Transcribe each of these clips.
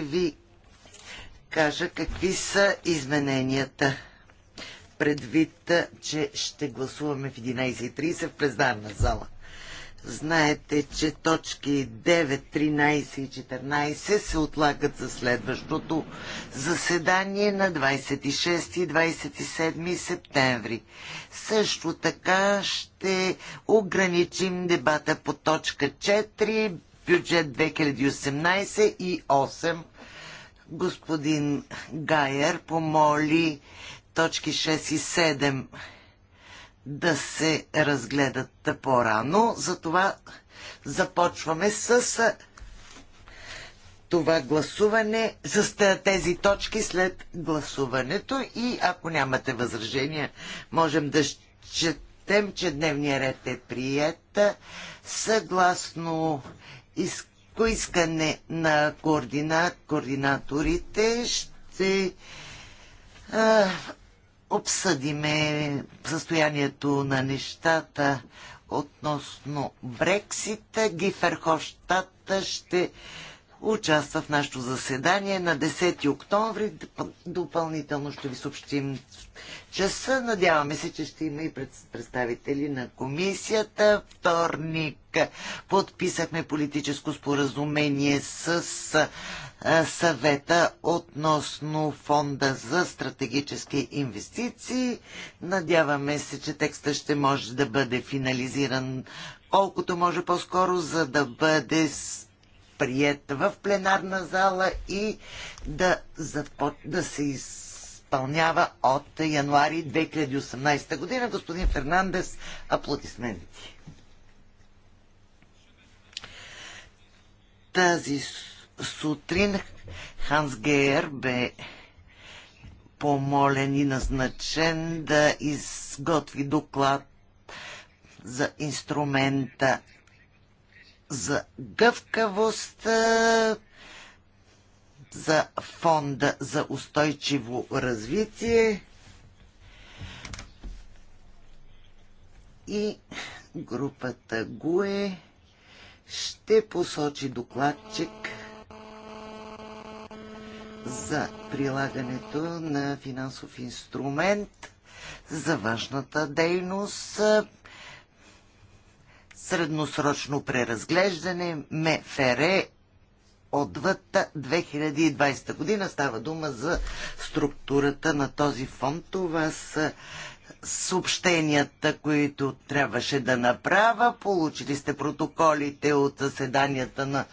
ви кажа какви са измененията. Предвид, че ще гласуваме в 11.30 в презнарна зала. Знаете, че точки 9, 13 и 14 се отлагат за следващото заседание на 26 и 27 септември. Също така ще ограничим дебата по точка 4 бюджет 2018 и 8. Господин Гайер помоли точки 6 и 7 да се разгледат по-рано. Затова започваме с това гласуване, с тези точки след гласуването и ако нямате възражения, можем да четем, че дневния ред е прият съгласно по искане на координа... координаторите ще а, обсъдиме състоянието на нещата относно Брексита. Гиферхоштат ще участва в нашето заседание на 10 октомври. Допълнително ще ви съобщим часа. Надяваме се, че ще има и представители на комисията. Вторник подписахме политическо споразумение с съвета относно фонда за стратегически инвестиции. Надяваме се, че текста ще може да бъде финализиран колкото може по-скоро, за да бъде прият в пленарна зала и да, запо... да се изпълнява от януари 2018 година. Господин Фернандес, аплодисменти. Тази сутрин Ханс Гейер бе помолен и назначен да изготви доклад за инструмента за гъвкавост, за фонда за устойчиво развитие и групата ГУЕ ще посочи докладчик за прилагането на финансов инструмент за важната дейност, средносрочно преразглеждане, МФР отвъд 2020 година. Става дума за структурата на този фонд. Това са съобщенията, които трябваше да направя. Получили сте протоколите от заседанията на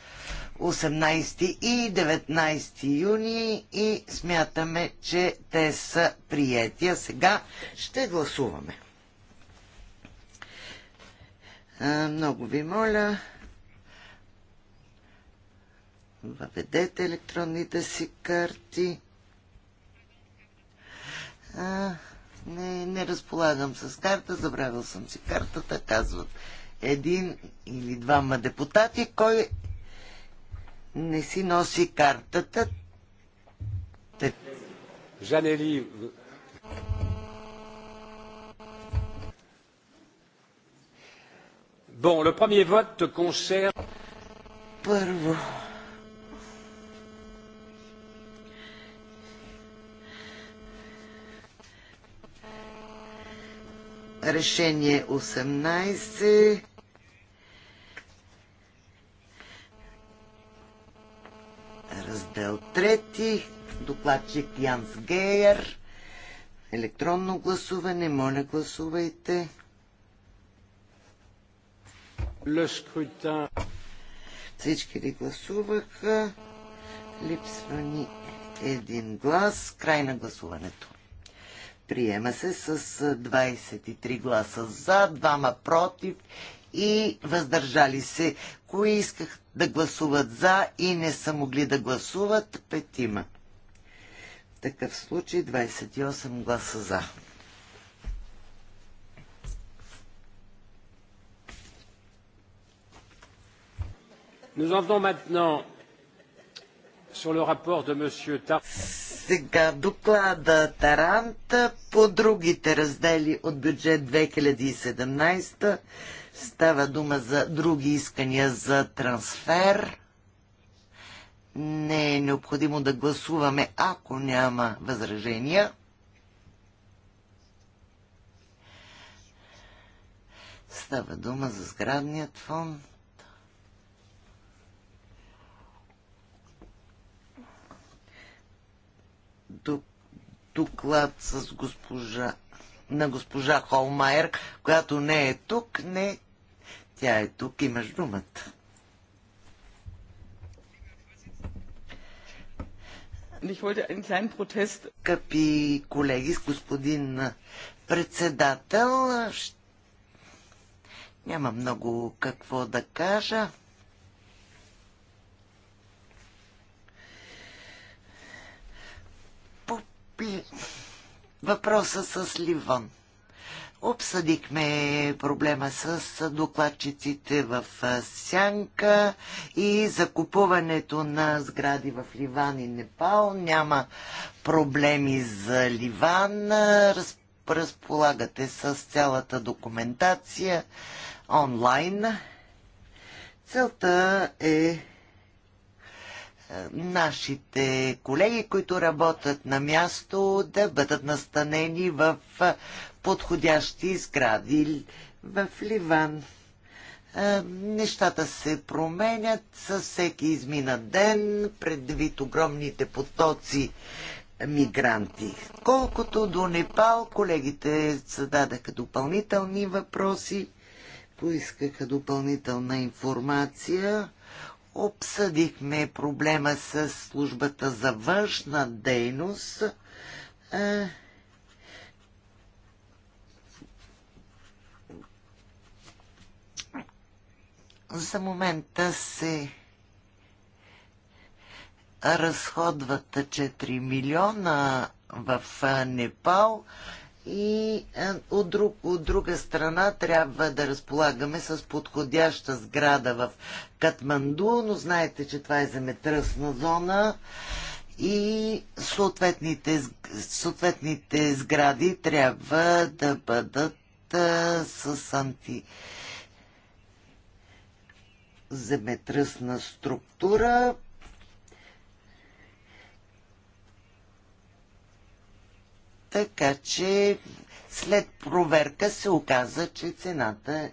18 и 19 юни и смятаме, че те са приети. А сега ще гласуваме. А, много ви моля, въведете електронните си карти. А, не, не разполагам с карта, забравил съм си картата, казват един или двама депутати, кой не си носи картата. Жанели, Bon, le premier vote concerne... Първо, Решение 18. Раздел 3. Докладчик Янс Гейер. Електронно гласуване. Моля, гласувайте. Всички ли гласуваха? Липсва ни един глас. Край на гласуването. Приема се с 23 гласа за, двама против и въздържали се, кои исках да гласуват за и не са могли да гласуват петима. В такъв случай 28 гласа за. Nous en venons maintenant sur le rapport de M. Сега доклада Тарант по другите раздели от бюджет 2017 става дума за други искания за трансфер. Не е необходимо да гласуваме, ако няма възражения. Става дума за сградният фонд. доклад с госпожа, на госпожа Холмайер, която не е тук, не. Тя е тук, имаш думата. Скъпи колеги, с господин председател, няма много какво да кажа. въпроса с Ливон. Обсъдихме проблема с докладчиците в Сянка и закупуването на сгради в Ливан и Непал. Няма проблеми за Ливан. Разполагате с цялата документация онлайн. Целта е нашите колеги, които работят на място, да бъдат настанени в подходящи сгради в Ливан. Нещата се променят със всеки изминат ден, предвид огромните потоци мигранти. Колкото до Непал, колегите зададаха допълнителни въпроси, поискаха допълнителна информация Обсъдихме проблема с службата за външна дейност. Е, за момента се разходват 4 милиона в е, Непал и е, от, друг, от друга страна трябва да разполагаме с подходяща сграда в Катманду, но знаете, че това е земетръсна зона и съответните, съответните сгради трябва да бъдат а, е, с анти земетръсна структура. така че след проверка се оказа, че цената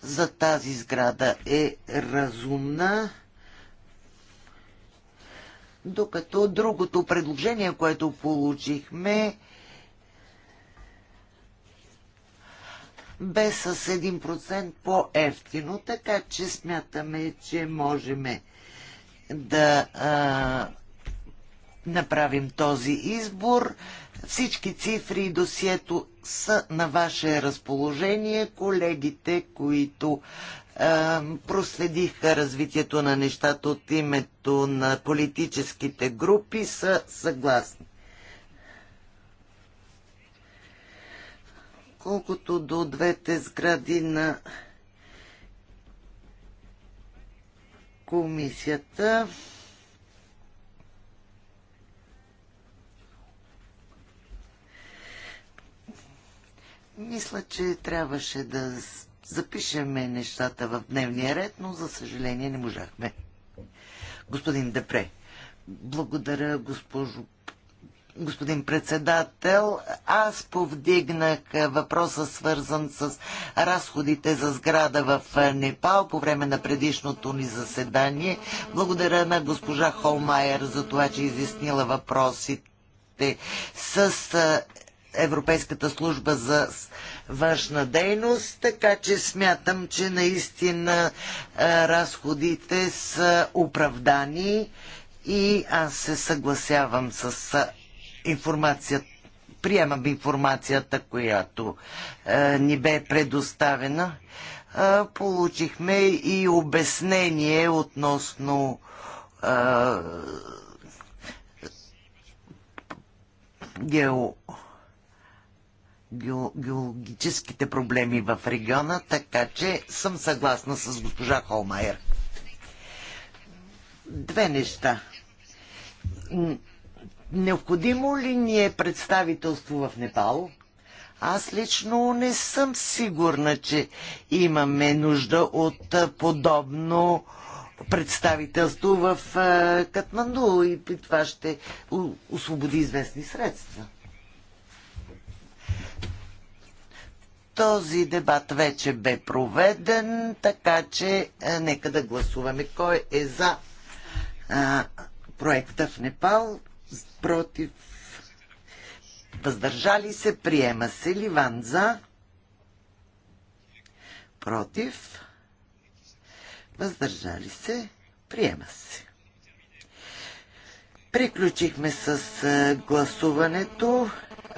за тази сграда е разумна, докато другото предложение, което получихме, бе с 1% по-ефтино, така че смятаме, че можем да а, направим този избор. Всички цифри и досието са на ваше разположение. Колегите, които е, проследиха развитието на нещата от името на политическите групи, са съгласни. Колкото до двете сгради на комисията, Мисля, че трябваше да запишеме нещата в дневния ред, но за съжаление не можахме. Господин Депре, благодаря, госпожо господин председател, аз повдигнах въпроса свързан с разходите за сграда в Непал по време на предишното ни заседание. Благодаря на госпожа Холмайер за това, че изяснила въпросите с Европейската служба за външна дейност, така че смятам, че наистина е, разходите са оправдани и аз се съгласявам с е, информацията приемам информацията, която е, ни бе предоставена. Е, получихме и обяснение относно е, гео геологическите проблеми в региона, така че съм съгласна с госпожа Холмайер. Две неща. Необходимо ли ни е представителство в Непал? Аз лично не съм сигурна, че имаме нужда от подобно представителство в Катманду и това ще освободи известни средства. Този дебат вече бе проведен, така че а, е, нека да гласуваме кой е за а, проекта в Непал, против въздържали се, приема се Ливан за против въздържали се, приема се. Приключихме с е, гласуването.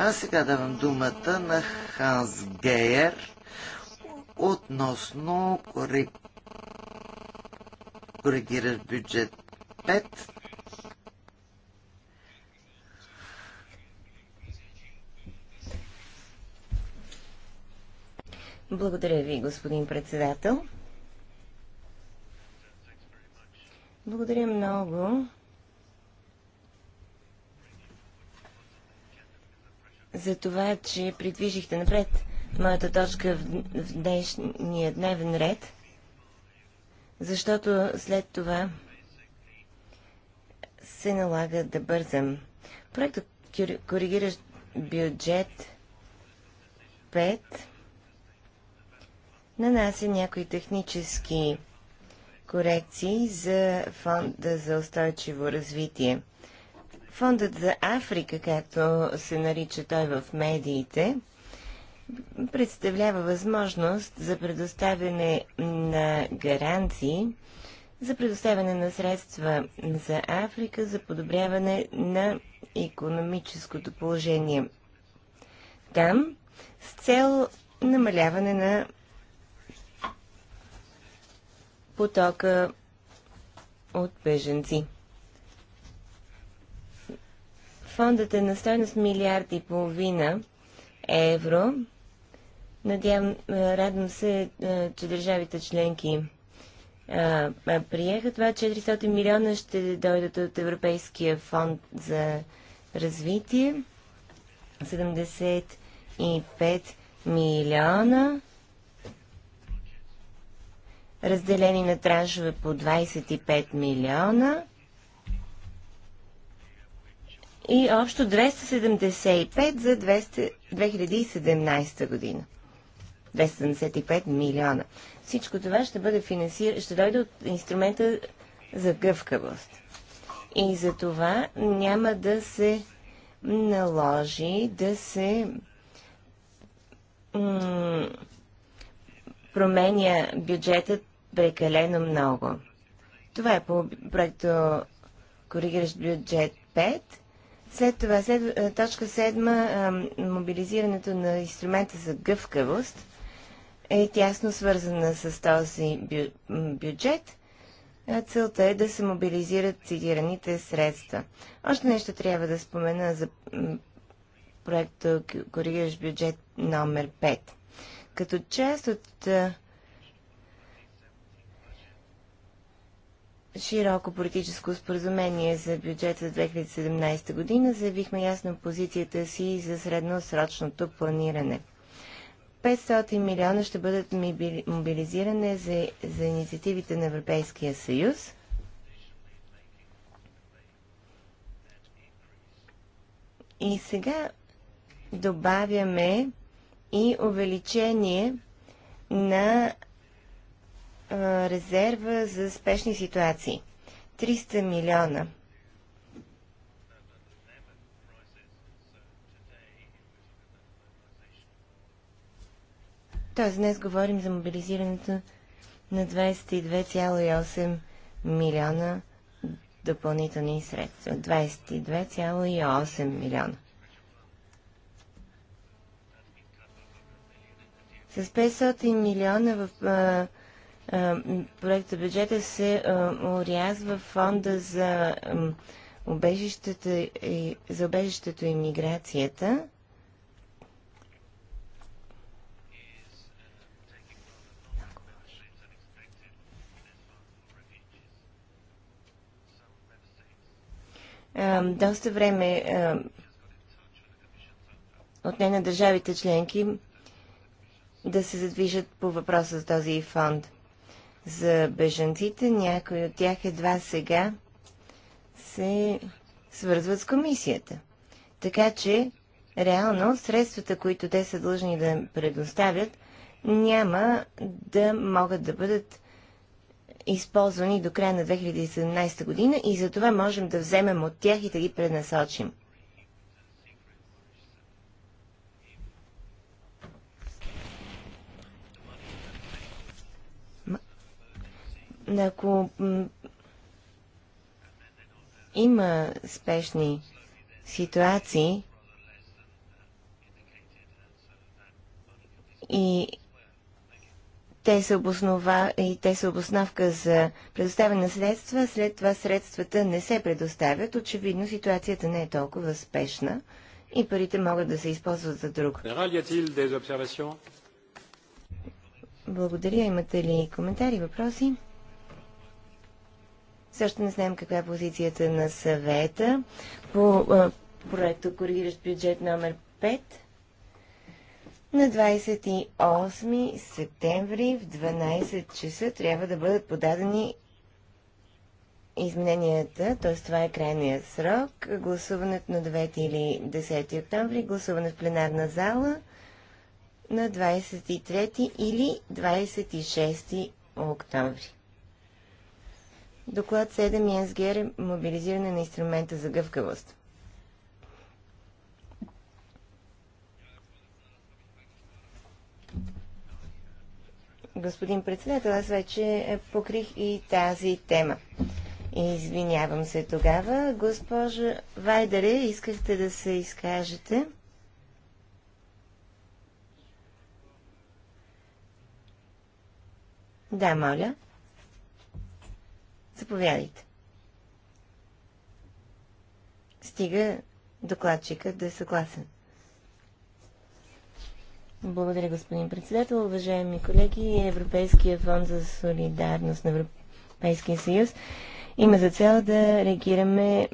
А сега давам думата на Ханс Гейер относно корек... коригира бюджет 5. Благодаря ви, господин председател. Благодаря много за това, че придвижихте напред моята точка в днешния дневен ред, защото след това се налага да бързам. Проектът коригиращ бюджет 5 нанася някои технически корекции за Фонда за устойчиво развитие. Фондът за Африка, както се нарича той в медиите, представлява възможност за предоставяне на гаранции, за предоставяне на средства за Африка, за подобряване на економическото положение там, с цел намаляване на потока от беженци фондът е на стоеност милиарди и половина евро. Надявам, е, радвам се, е, че държавите членки е, приеха това. 400 милиона ще дойдат от Европейския фонд за развитие. 75 милиона разделени на траншове по 25 милиона и общо 275 за 200, 2017 година. 275 милиона. Всичко това ще бъде финансира, ще дойде от инструмента за гъвкавост. И за това няма да се наложи да се променя бюджетът прекалено много. Това е по проекто коригиращ бюджет 5 след това, след, е, точка 7, е, мобилизирането на инструмента за гъвкавост е тясно свързана с този бю, бюджет. Е, целта е да се мобилизират цитираните средства. Още нещо трябва да спомена за проекта Коригираш бюджет номер 5. Като част от широко политическо споразумение за бюджета за 2017 година, заявихме ясно позицията си за средносрочното планиране. 500 милиона ще бъдат мобилизирани за, за инициативите на Европейския съюз. И сега добавяме и увеличение на резерва за спешни ситуации. 300 милиона. Тоест днес говорим за мобилизирането на 22,8 милиона допълнителни средства. 22,8 милиона. С 500 милиона в а, е, проекта бюджета се урязва е, фонда за обежището е, и, за обежището и миграцията. доста време отне на държавите членки да се задвижат по въпроса за този фонд за бежанците. Някои от тях едва сега се свързват с комисията. Така че, реално, средствата, които те са длъжни да предоставят, няма да могат да бъдат използвани до края на 2017 година и за това можем да вземем от тях и да ги пренасочим. ако има спешни ситуации и те са, обоснова, и те са обосновка за предоставяне на средства, след това средствата не се предоставят, очевидно ситуацията не е толкова спешна и парите могат да се използват за друг. Благодаря. Имате ли коментари, въпроси? Също не знаем каква е позицията на съвета по проекта Коригиращ бюджет номер 5. На 28 септември в 12 часа трябва да бъдат подадени измененията, т.е. това е крайния срок, гласуването на 9 или 10 октомври, гласуване в пленарна зала на 23 или 26 октомври. Доклад 7 ИСГР е мобилизиране на инструмента за гъвкавост. Господин председател, аз вече покрих и тази тема. Извинявам се тогава. Госпожа Вайдаре, искахте да се изкажете? Да, моля. Заповядайте. Стига докладчика да е съгласен. Благодаря, господин председател. Уважаеми колеги, Европейския фонд за солидарност на Европейския съюз има за цел да реагираме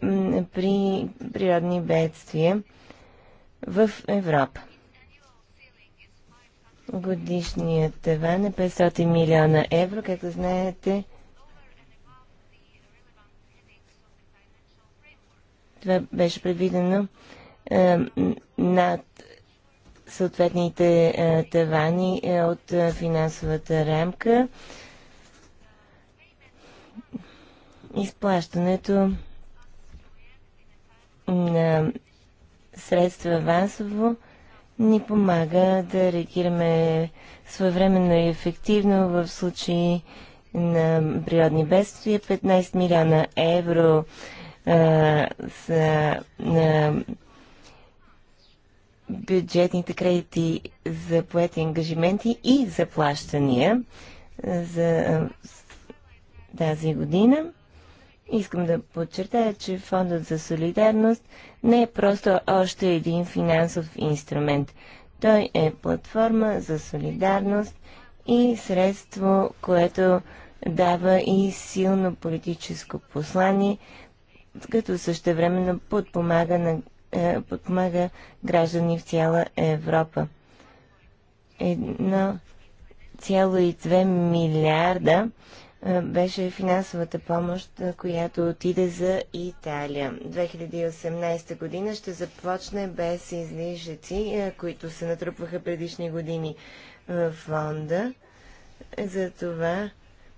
при природни бедствия в Европа. Годишният таван е 500 милиона евро. Както знаете, Това беше предвидено е, над съответните е, тавани е, от е, финансовата рамка. Изплащането на средства авансово ни помага да реагираме своевременно и ефективно в случаи на природни бедствия. 15 милиона евро са бюджетните кредити за поети ангажименти и заплащания за тази година. Искам да подчертая, че Фондът за солидарност не е просто още един финансов инструмент. Той е платформа за солидарност и средство, което дава и силно политическо послание като същевременно подпомага, на, е, подпомага граждани в цяла Европа. 1,2 милиарда е, беше финансовата помощ, е, която отиде за Италия. 2018 година ще започне без излишъци, е, които се натрупваха предишни години е, в фонда. Затова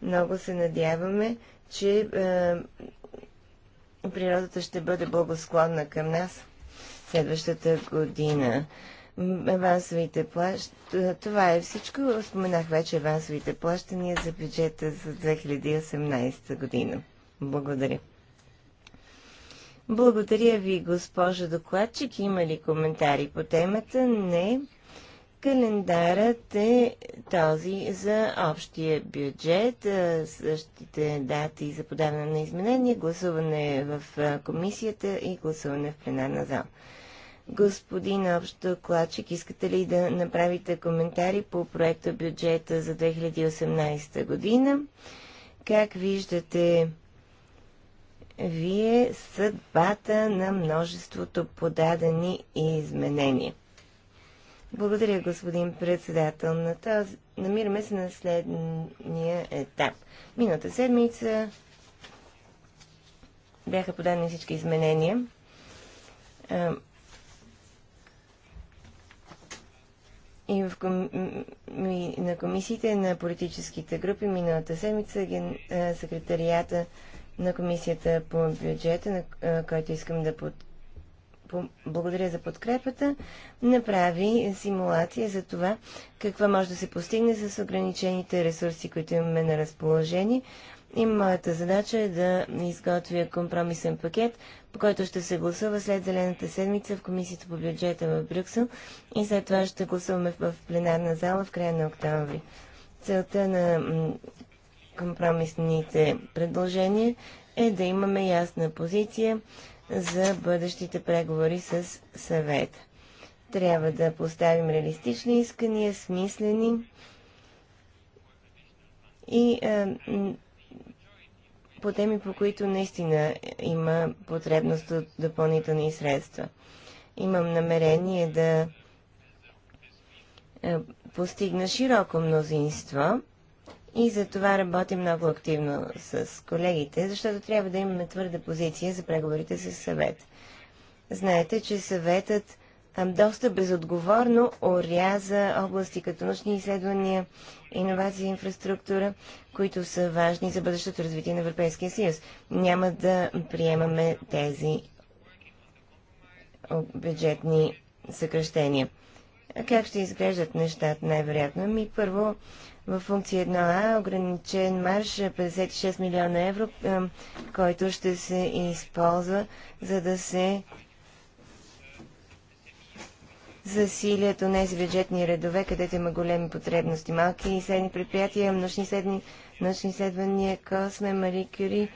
много се надяваме, че е, природата ще бъде благосклонна към нас следващата година. Авансовите плащания. Това е всичко. Споменах вече авансовите плащания за бюджета за 2018 година. Благодаря. Благодаря ви, госпожа докладчик. Има ли коментари по темата? Не. Календарът е този за общия бюджет, същите дати за подаване на изменения, гласуване в комисията и гласуване в пленарна зал. Господин Общо Клачик, искате ли да направите коментари по проекта бюджета за 2018 година? Как виждате вие съдбата на множеството подадени изменения? Благодаря, господин председател. На тази. Намираме се на следния етап. Миналата седмица бяха подадени всички изменения. И в ком... на комисиите на политическите групи миналата седмица ген... секретарията на комисията по бюджета, на който искам да под благодаря за подкрепата, направи симулация за това какво може да се постигне с ограничените ресурси, които имаме на разположение. И моята задача е да изготвя компромисен пакет, по който ще се гласува след Зелената седмица в Комисията по бюджета в Брюксел и след това ще гласуваме в пленарна зала в края на октомври. Целта на компромисните предложения е да имаме ясна позиция за бъдещите преговори с съвета. Трябва да поставим реалистични искания, смислени и а, е, по теми, по които наистина има потребност от допълнителни средства. Имам намерение да е, постигна широко мнозинство и за това работим много активно с колегите, защото трябва да имаме твърда позиция за преговорите с съвет. Знаете, че съветът доста безотговорно оряза области като научни изследвания, иновации и инфраструктура, които са важни за бъдещото развитие на Европейския съюз. Няма да приемаме тези бюджетни съкръщения. А как ще изглеждат нещата най-вероятно? Ми първо в функция 1А ограничен марш е 56 милиона евро, който ще се използва за да се засилят онези бюджетни редове, където има големи потребности. Малки и средни предприятия, научни, седни, научни изследвания, Косме, Мари Кюри,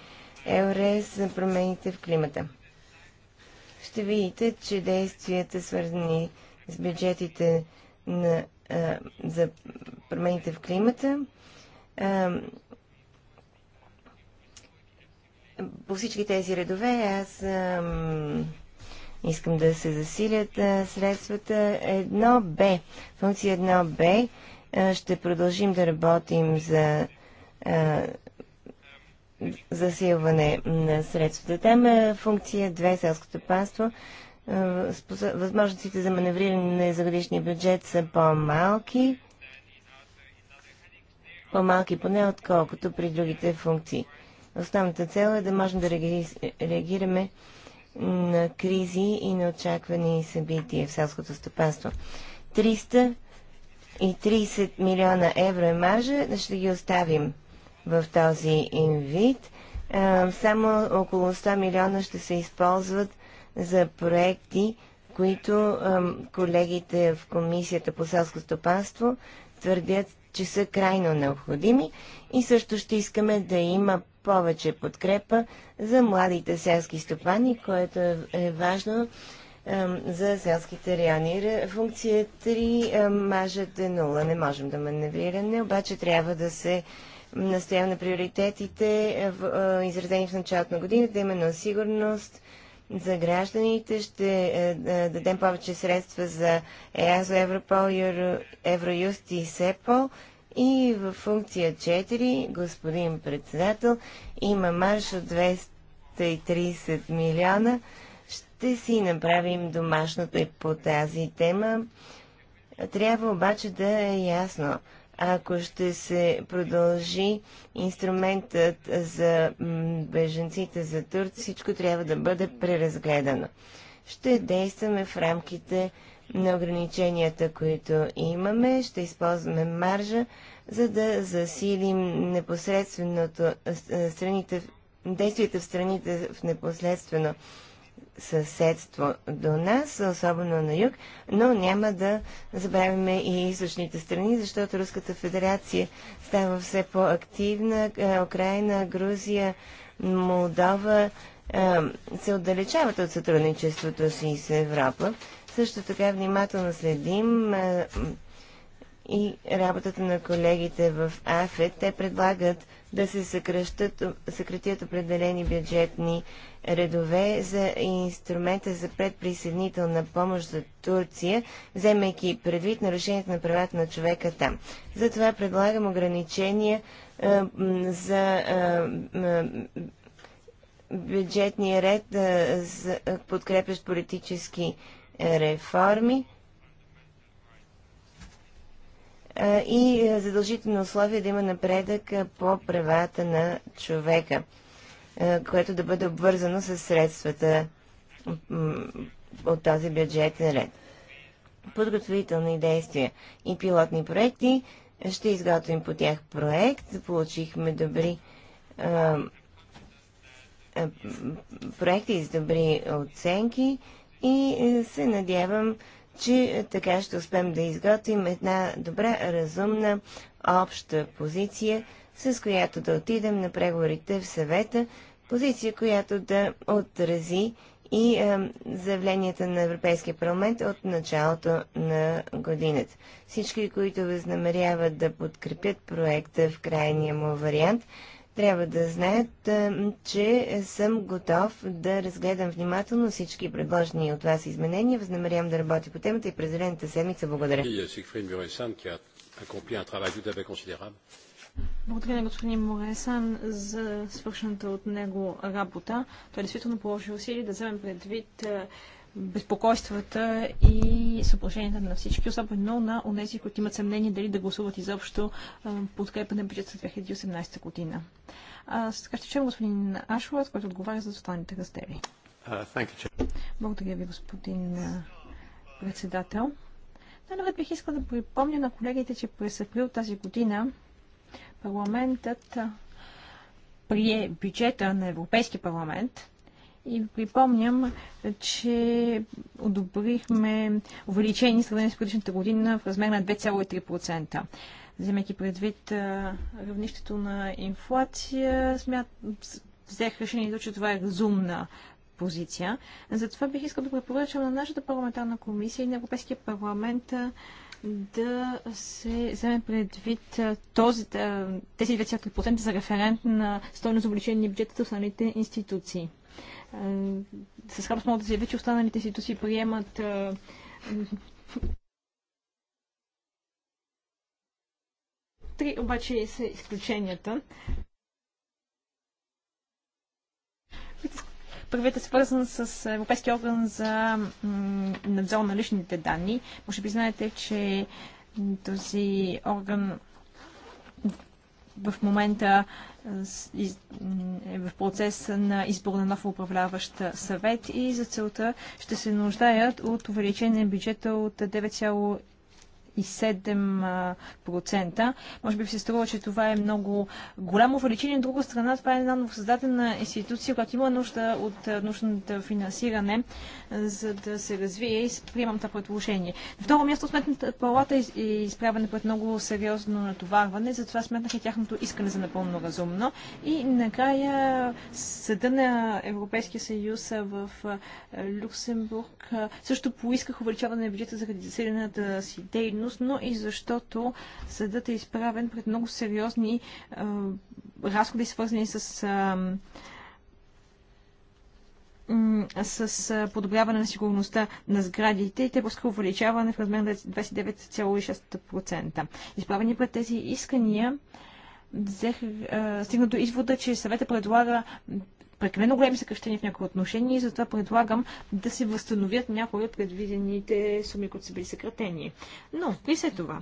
Еурес, за промените в климата. Ще видите, че действията, свързани с бюджетите на а, за промените в климата. А, по всички тези редове аз а, искам да се засилят а, средствата. Едно б функция едно б ще продължим да работим за а, засилване на средствата. Там е функция 2 селското панство. Е, възможностите за маневриране на годишния бюджет са по-малки, по-малки поне, отколкото при другите функции. Основната цел е да можем да реагираме на кризи и на очаквани събития в селското стопанство. 330 милиона евро е маржа, ще ги оставим в този инвид. Е, само около 100 милиона ще се използват за проекти, които колегите в Комисията по селско стопанство твърдят, че са крайно необходими и също ще искаме да има повече подкрепа за младите селски стопани, което е, е важно за селските райони. Функция 3 мажат мажът е нула. Не можем да маневрираме, обаче трябва да се настояваме на приоритетите, изразени в началото на годината, именно сигурност, за гражданите, ще е, е, дадем повече средства за ЕАЗО, Европол, Евроюст и СЕПОЛ. И в функция 4, господин председател, има марш от 230 милиона. Ще си направим домашното и по тази тема. Трябва обаче да е ясно ако ще се продължи инструментът за беженците за Турция, всичко трябва да бъде преразгледано. Ще действаме в рамките на ограниченията, които имаме. Ще използваме маржа, за да засилим непосредственото страните, действията в страните в непосредствено съседство до нас, особено на юг, но няма да забравяме и източните страни, защото Руската федерация става все по-активна, е, Украина, Грузия, Молдова е, се отдалечават от сътрудничеството си с Европа. Също така внимателно следим е, и работата на колегите в АФЕ, те предлагат да се съкръщат, съкратят определени бюджетни редове за инструмента за предприсъединителна помощ за Турция, вземайки предвид нарушението на правата на човека там. Затова предлагам ограничения а, за а, бюджетния ред за подкрепящ политически реформи и е, задължително условие да има напредък по правата на човека, което да бъде обвързано с средствата от този бюджетен ред. Подготовителни действия и пилотни проекти. Ще изготвим по тях проект. Получихме добри проекти с добри оценки и е, се надявам че така ще успеем да изготвим една добра, разумна, обща позиция, с която да отидем на преговорите в съвета, позиция, която да отрази и е, заявленията на Европейския парламент от началото на годината. Всички, които възнамеряват да подкрепят проекта в крайния му вариант, трябва да знаят, че съм готов да разгледам внимателно всички предложени от вас изменения. Възнамерявам да работя по темата и през зелената седмица. Благодаря. Euh, Благодаря на господин Моресан за свършената от него работа. Той е действително положи усилия да вземем предвид безпокойствата и съплашенията на всички, особено на онези, които имат съмнение дали да гласуват изобщо подкрепа на бюджет за 2018 година. А, сега ще чуем господин Ашвард, който отговаря за останалите раздели. Uh, Благодаря ви, господин председател. Най-напред бих искал да припомня на колегите, че през април тази година парламентът прие бюджета на Европейски парламент и ви припомням, че одобрихме увеличение сравнение с предишната година в размер на 2,3%. Вземайки предвид равнището на инфлация, смят, взех решението, че това е разумна позиция. Затова бих искал да препоръчам на нашата парламентарна комисия и на Европейския парламент да се вземе предвид този, тези 2,3% за референт на стойност увеличение на бюджета в останалите институции. Е, с радост мога да заявя, че останалите институции приемат е, Три обаче са изключенията. Първият е свързан с Европейския орган за надзор на личните данни. Може би знаете, че този орган в момента е в процес на избор на нов управляващ съвет и за целта ще се нуждаят от увеличение на бюджета от 7,7%. Може би се струва, че това е много голямо увеличение. От друга страна, това е една новосъздадена институция, която има нужда от нужното финансиране, за да се развие и приемам това предложение. На второ място, сметната палата е изправена пред много сериозно натоварване, затова сметнах и тяхното искане за напълно разумно. И накрая съда на Европейския съюз в Люксембург също поисках увеличаване на бюджета заради засилената си дейност стойност, но и защото съдът е изправен пред много сериозни а, разходи, свързани с. А, с подобряване на сигурността на сградите и те по увеличаване в размер на 29,6%. Изправени пред тези искания, взех, стигна до извода, че съвета предлага прекалено големи съкръщения в някои отношения и затова предлагам да се възстановят някои от предвидените суми, които са били съкратени. Но, при след това,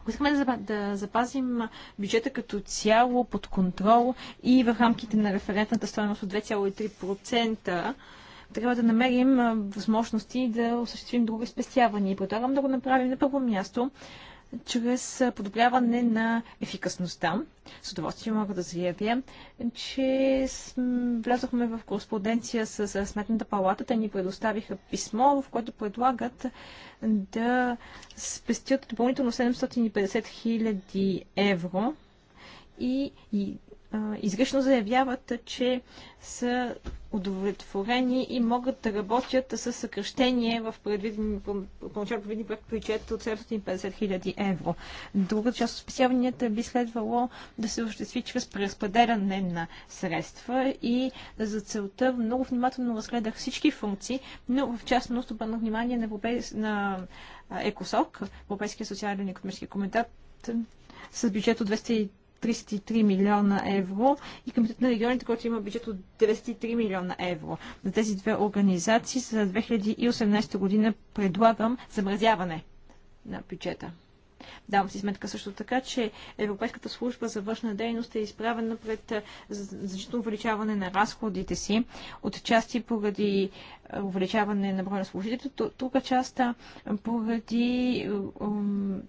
ако искаме да запазим бюджета като цяло под контрол и в рамките на референтната стоеност от 2,3%, трябва да намерим възможности да осъществим други спестявания. Предлагам да го направим на първо място чрез подобряване на ефикасността. С удоволствие мога да заявя, че влязохме в кореспонденция с Сметната палата. Те ни предоставиха писмо, в което предлагат да спестят допълнително 750 000 евро и, и изрично заявяват, че са удовлетворени и могат да работят с съкръщение в предвидени, предвидени бюджет от 750 000 евро. Друга част от спесяванията би следвало да се осъществи чрез преразпределяне на средства и за целта много внимателно разгледах всички функции, но в частност обърнах внимание на, Европейс... на ЕКОСОК, Европейския социален и економически комитет, с бюджет от 230 33 милиона евро и Комитет на регионите, който има бюджет от 93 милиона евро. За тези две организации за 2018 година предлагам замразяване на бюджета. Давам си сметка също така, че Европейската служба за външна дейност е изправена пред значително увеличаване на разходите си, отчасти поради увеличаване на броя на служителите, друга част поради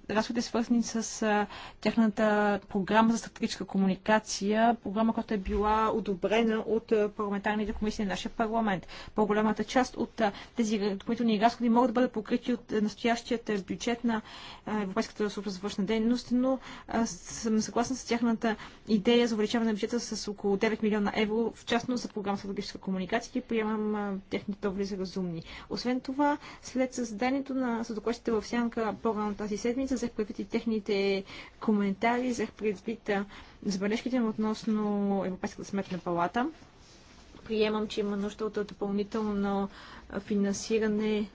разходите свързани с тяхната програма за стратегическа комуникация, програма, която е била одобрена от парламентарните комисии на нашия парламент. По-голямата част от тези допълнителни разходи могат да бъдат покрити от настоящият бюджет на Европейската служба за външна дейност, но съм съгласна с тяхната идея за увеличаване на бюджета с около 9 милиона евро, в частност за програма за стратегическа комуникация и приемам техните доводи разумни. Освен това, след създанието на съдокостите в Сянка по-рано тази седмица, взех предвид и техните коментари, взех предвид забележките им относно Европейската сметна палата. Приемам, че има нужда от допълнително финансиране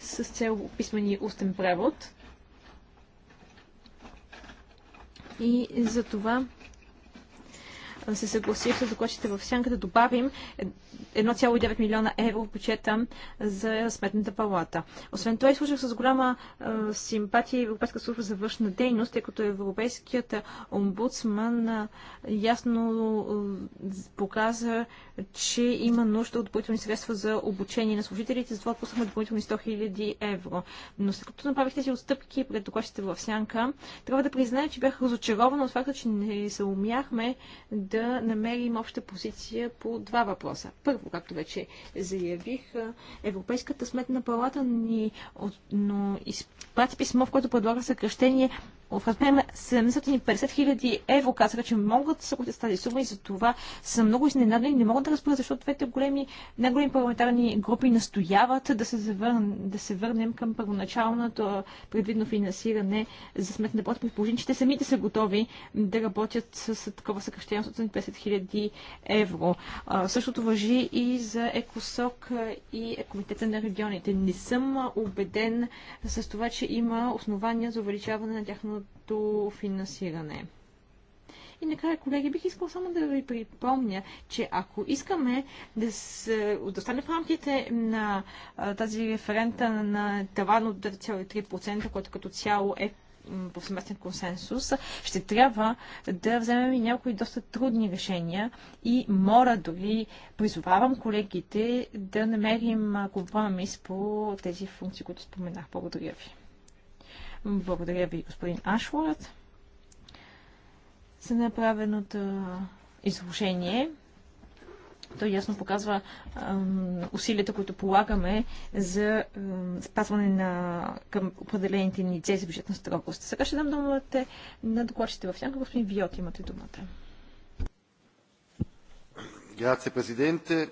с цел писмени устен превод. И за това се съгласих с докладчите в сянка да добавим 1,9 милиона евро в бюджета за сметната палата. Освен това, изслушах с голяма симпатия Европейска служба за външна дейност, тъй като Европейският омбудсман ясно показа, че има нужда от допълнителни средства за обучение на служителите, затова отпуснахме допълнителни 100 000 евро. Но след като направих тези отстъпки пред докладчите в сянка, трябва да призная, че бях разочарована от факта, че не се умяхме да намерим обща позиция по два въпроса. Първо, както вече заявих, Европейската сметна палата ни но изпрати писмо, в което предлага съкръщение в размер на 750 хиляди евро казаха, че могат да съкратят с тази сума и за това са много изненадани. Не могат да разберат защото двете големи, най-големи парламентарни групи настояват да се, завърн, да се върнем към първоначалното предвидно финансиране за сметна да плата, при положение, че те самите са готови да работят с, с такова съкръщение 150 хиляди евро. А, същото въжи и за ЕКОСОК и Комитета на регионите. Не съм убеден с това, че има основания за увеличаване на тяхното тяхното финансиране. И накрая, колеги, бих искал само да ви припомня, че ако искаме да, се, да остане в рамките на а, тази референта на таван от 9,3%, което като цяло е повсеместен консенсус, ще трябва да вземем и някои доста трудни решения и моля дори призовавам колегите да намерим компромис по тези функции, които споменах. Благодаря ви. Благодаря ви, господин Ашворът, за направеното изложение. Той ясно показва усилията, които полагаме за спазване на към определените ни цели за бюджетна строгост. Сега ще дам думата на докладчите в сянка. Господин Виот, имате думата. Грация, президенте.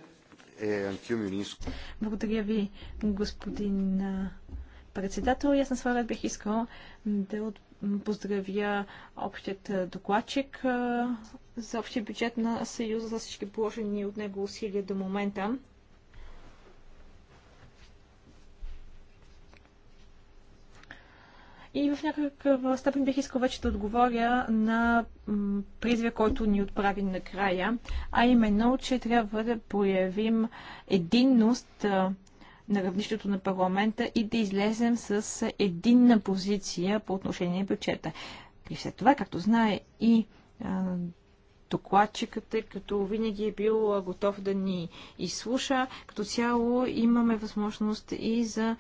Е, Благодаря ви, господин председател. И аз на своя ред бих искала да поздравя общият докладчик за общия бюджет на Съюза за всички положени от него усилия до момента. И в някаква степен бих искал вече да отговоря на призвия, който ни отправи накрая, а именно, че трябва да проявим единност на равнището на парламента и да излезем с единна позиция по отношение на бюджета. И след това, както знае и докладчикът, тъй е, като винаги е бил готов да ни изслуша. Като цяло имаме възможност и за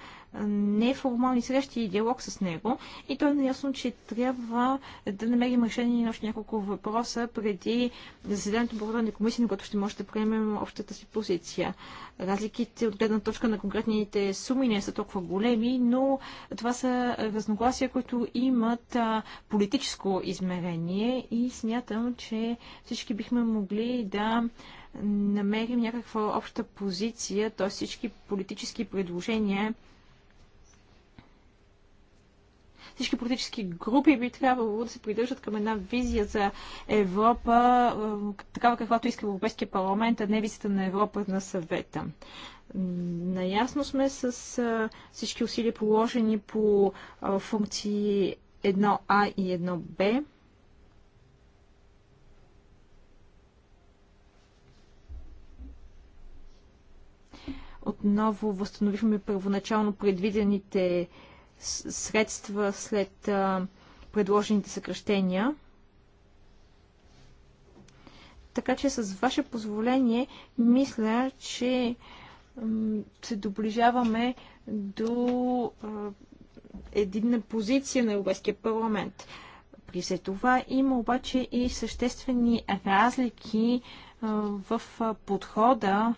неформални срещи и диалог с него. И то е наясно, че трябва да намерим решение на още няколко въпроса преди заседанието по на комисия, на което ще може да приемем общата си позиция. Разликите от гледна точка на конкретните суми не са толкова големи, но това са разногласия, които имат политическо измерение и смятам, че всички бихме могли да намерим някаква обща позиция, т.е. всички политически предложения всички политически групи би трябвало да се придържат към една визия за Европа, е, такава каквато иска Европейския парламент, а не визията на Европа на съвета. Наясно сме с е, всички усилия положени по е, функции 1А и 1Б. отново възстановихме първоначално предвидените средства след предложените съкръщения. Така че с ваше позволение мисля, че се доближаваме до единна позиция на Европейския парламент. При все това има обаче и съществени разлики в подхода,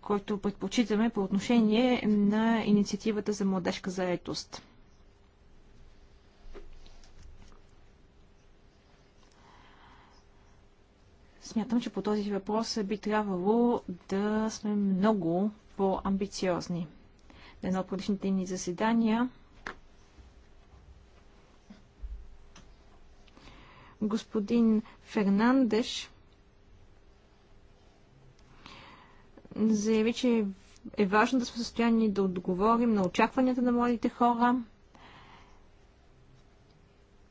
който предпочитаме по отношение на инициативата за младежка заетост. Смятам, че по този въпрос би трябвало да сме много по-амбициозни. На едно от предишните ни заседания господин Фернандеш заяви, че е важно да сме в състояние да отговорим на очакванията на младите хора,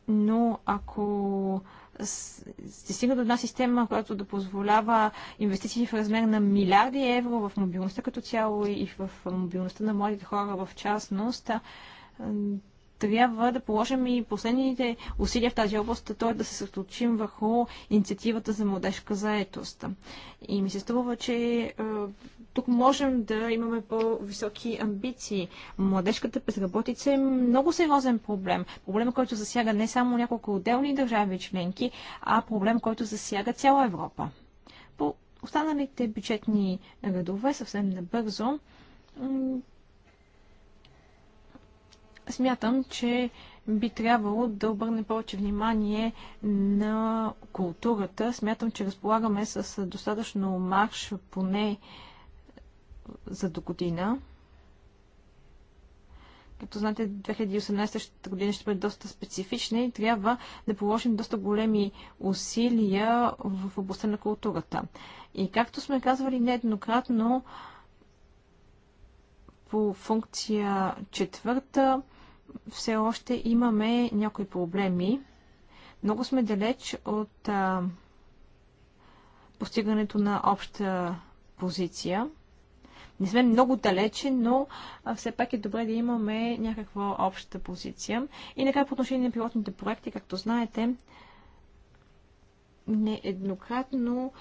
но ако се стигна до една система, която да позволява инвестиции в размер на милиарди евро в мобилността като цяло и в мобилността на младите хора в частност, трябва да положим и последните усилия в тази област, т.е. да се съсредоточим върху инициативата за младежка заетост. И ми се струва, че е, тук можем да имаме по-високи амбиции. Младежката безработица е много сериозен проблем. Проблем, който засяга не само няколко отделни държави членки, а проблем, който засяга цяла Европа. По останалите бюджетни редове съвсем набързо смятам, че би трябвало да обърне повече внимание на културата. Смятам, че разполагаме с достатъчно марш, поне за до година. Като знаете, 2018 година ще бъде доста специфична и трябва да положим доста големи усилия в областта на културата. И както сме казвали нееднократно, по функция четвърта все още имаме някои проблеми. Много сме далеч от а, постигането на обща позиция. Не сме много далече, но все пак е добре да имаме някаква обща позиция. И нека по отношение на пилотните проекти, както знаете, нееднократно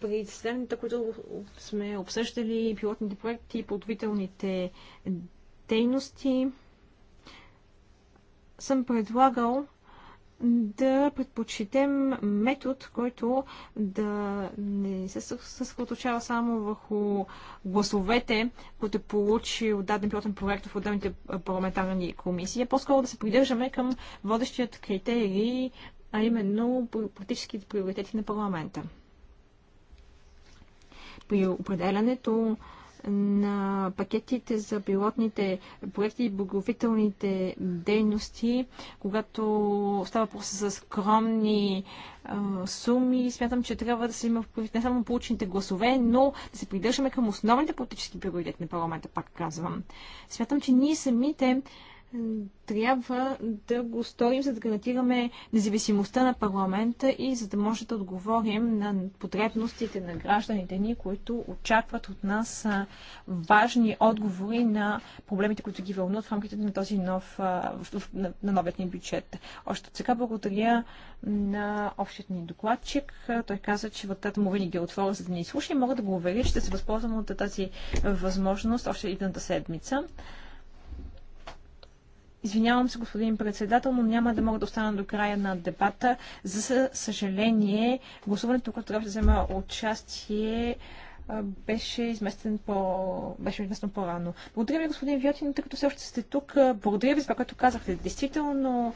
при следните, които сме обсъждали, пилотните проекти и подвителните дейности, съм предлагал да предпочитем метод, който да не се съсредоточава само върху гласовете, които е получи от даден пилотен проект в отделните парламентарни комисии, по-скоро да се придържаме към водещият критерий, а именно политическите приоритети на парламента. При определянето на пакетите за пилотните проекти и благовителните дейности, когато става просто за скромни суми, смятам, че трябва да се има в не само получените гласове, но да се придържаме към основните политически приоритети на парламента, пак казвам. Смятам, че ние самите трябва да го сторим, за да гарантираме независимостта на парламента и за да може да отговорим на потребностите на гражданите ни, които очакват от нас важни отговори на проблемите, които ги вълнуват в рамките на този нов, на, новият ни бюджет. Още от сега благодаря на общият ни докладчик. Той каза, че вратата му винаги е отвора, за да ни слуша и мога да го уверя, ще се възползвам от тази възможност още едната седмица. Извинявам се, господин председател, но няма да мога да остана до края на дебата. За съжаление, гласуването, което трябва да взема участие, беше изместен по... беше изместен по-рано. Благодаря ви, господин Виотин, тъй като все още сте тук. Благодаря ви за това, което казахте. Действително,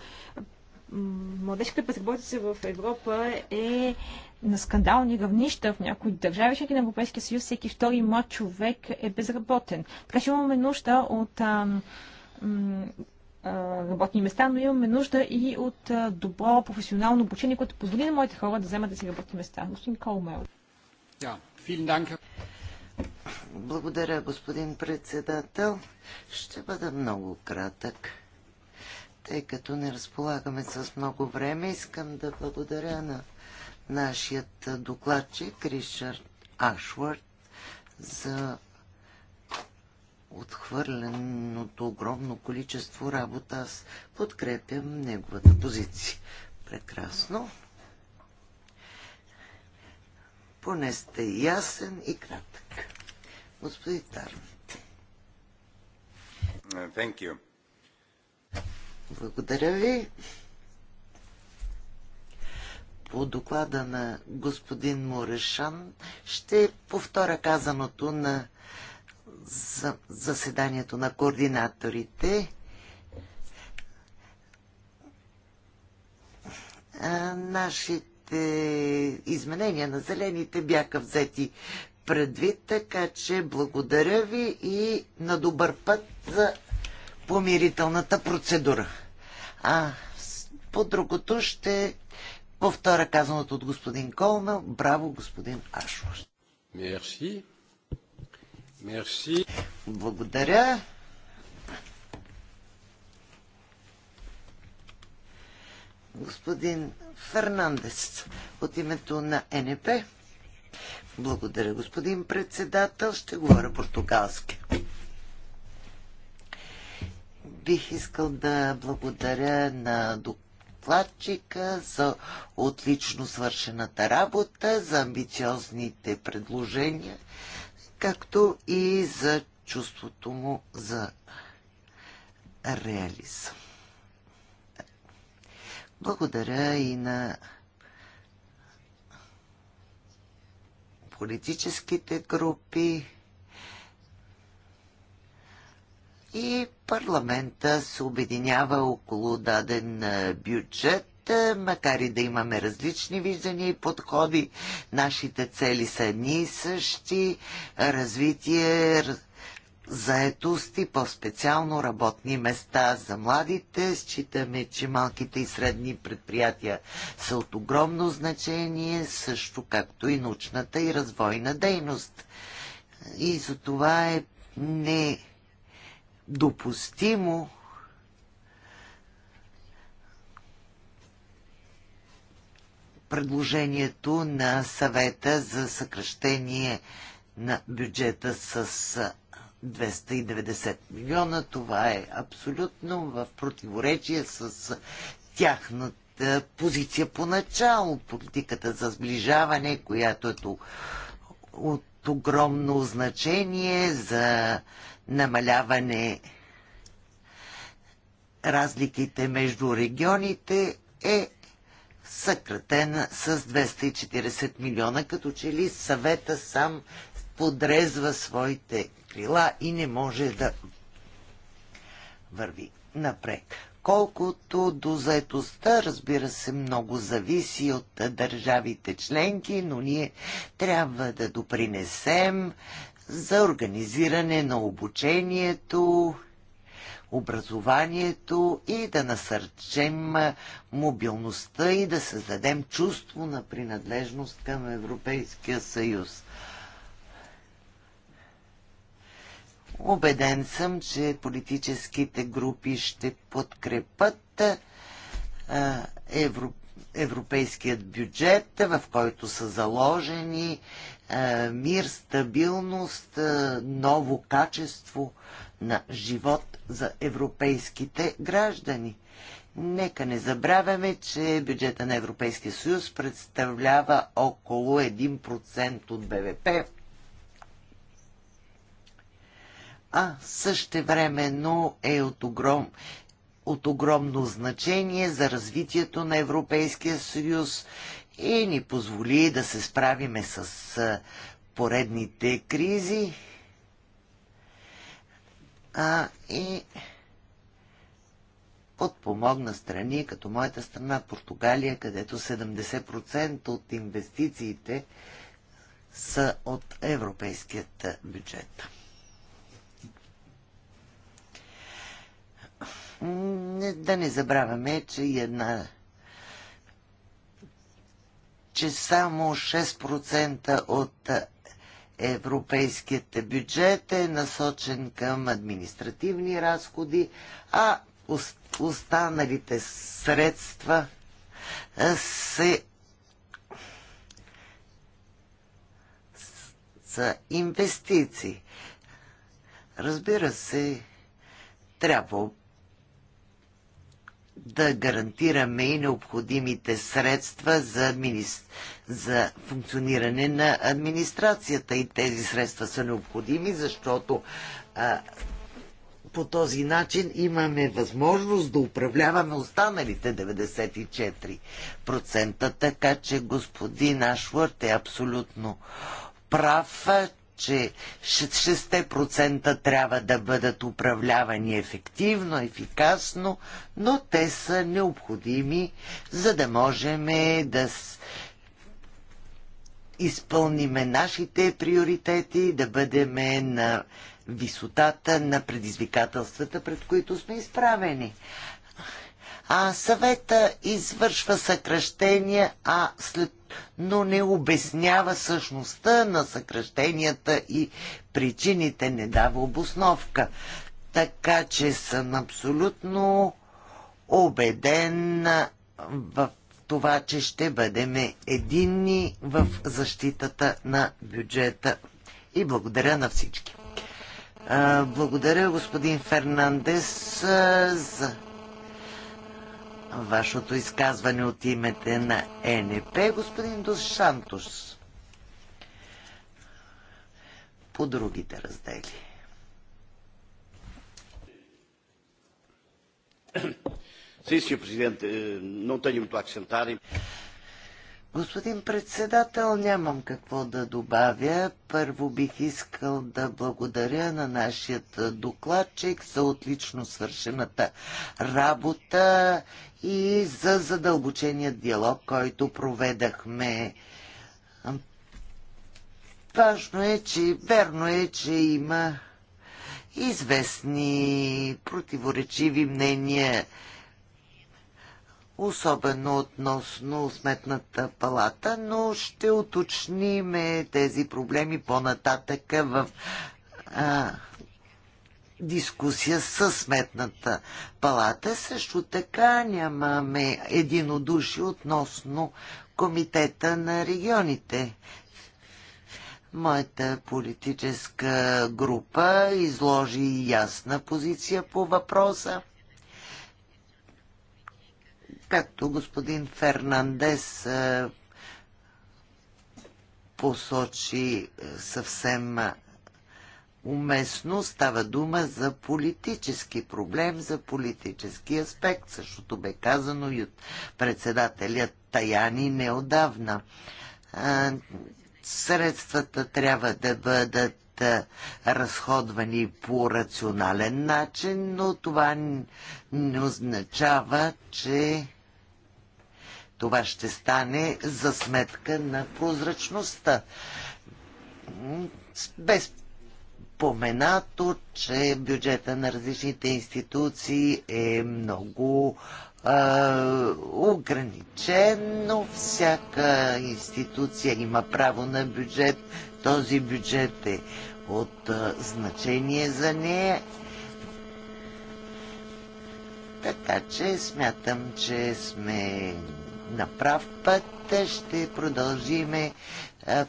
младежката безработица в Европа е на скандални равнища в някои държави, всеки на Европейския съюз, всеки втори млад човек е безработен. Така че имаме нужда от ам, работни места, но имаме нужда и от добро професионално обучение, което позволи на моите хора да вземат да си работни места. Господин Колмел. Yeah, Благодаря, господин председател. Ще бъда много кратък. Тъй като не разполагаме с много време, искам да благодаря на нашият докладчик Ришард Ашвард за отхвърленото огромно количество работа. Аз подкрепям неговата позиция. Прекрасно. Поне сте ясен и кратък. Господи Тарнт. Uh, thank you. Благодаря ви. По доклада на господин Морешан ще повторя казаното на за заседанието на координаторите. А, нашите изменения на зелените бяха взети предвид, така че благодаря ви и на добър път за помирителната процедура. А по другото ще повторя казаното от господин Колмел. Браво, господин Ашош. Мерси. Мерси. Благодаря. Господин Фернандес от името на НП. Благодаря, господин председател. Ще говоря португалски. Бих искал да благодаря на докладчика за отлично свършената работа, за амбициозните предложения, както и за чувството му за реализъм. Благодаря и на политическите групи и парламента се обединява около даден бюджет макар и да имаме различни виждания и подходи, нашите цели са едни и същи, развитие, заетост и по-специално работни места за младите. Считаме, че малките и средни предприятия са от огромно значение, също както и научната и развойна дейност. И за това е недопустимо предложението на съвета за съкръщение на бюджета с 290 милиона. Това е абсолютно в противоречие с тяхната позиция поначало. Политиката за сближаване, която е от огромно значение за намаляване разликите между регионите е съкратена с 240 милиона, като че ли съвета сам подрезва своите крила и не може да върви напред. Колкото до заетостта, разбира се, много зависи от държавите членки, но ние трябва да допринесем за организиране на обучението образованието и да насърчем мобилността и да създадем чувство на принадлежност към Европейския съюз. Обеден съм, че политическите групи ще подкрепят евро, европейският бюджет, в който са заложени мир, стабилност, ново качество на живот за европейските граждани. Нека не забравяме, че бюджета на Европейския съюз представлява около 1% от БВП. А също времено е от, огром, от огромно значение за развитието на Европейския съюз и ни позволи да се справиме с поредните кризи а, и подпомогна страни, като моята страна Португалия, където 70% от инвестициите са от европейският бюджет. Да не забравяме, че една че само 6% от Европейският бюджет е насочен към административни разходи, а останалите средства се са инвестиции. Разбира се, трябва да гарантираме и необходимите средства за, админи... за функциониране на администрацията. И тези средства са необходими, защото а, по този начин имаме възможност да управляваме останалите 94%. Така че господин Ашвард е абсолютно прав, че 6% трябва да бъдат управлявани ефективно, ефикасно, но те са необходими, за да можем да изпълниме нашите приоритети, да бъдем на висотата на предизвикателствата, пред които сме изправени а съвета извършва съкръщения, а след... но не обяснява същността на съкръщенията и причините, не дава обосновка. Така че съм абсолютно убеден в това, че ще бъдем единни в защитата на бюджета. И благодаря на всички. Благодаря, господин Фернандес, за вашето изказване от имете на НП, господин Дос По другите раздели. Sim, президент, Presidente, não tenho muito a acrescentar. Господин председател, нямам какво да добавя. Първо бих искал да благодаря на нашия докладчик за отлично свършената работа и за задълбочения диалог, който проведахме. Важно е, че верно е, че има известни противоречиви мнения особено относно сметната палата, но ще уточним тези проблеми по-нататък в а, дискусия с сметната палата. Също така нямаме единодуши относно комитета на регионите. Моята политическа група изложи ясна позиция по въпроса. Както господин Фернандес е, посочи е, съвсем е, уместно, става дума за политически проблем, за политически аспект. Същото бе казано и от председателя Таяни неодавна. Средствата трябва да бъдат разходвани по рационален начин, но това не означава, че това ще стане за сметка на прозрачността. Без поменато, че бюджета на различните институции е много ограничен, но всяка институция има право на бюджет. Този бюджет е от е, значение за нея. Така че смятам, че сме на прав път. Ще продължиме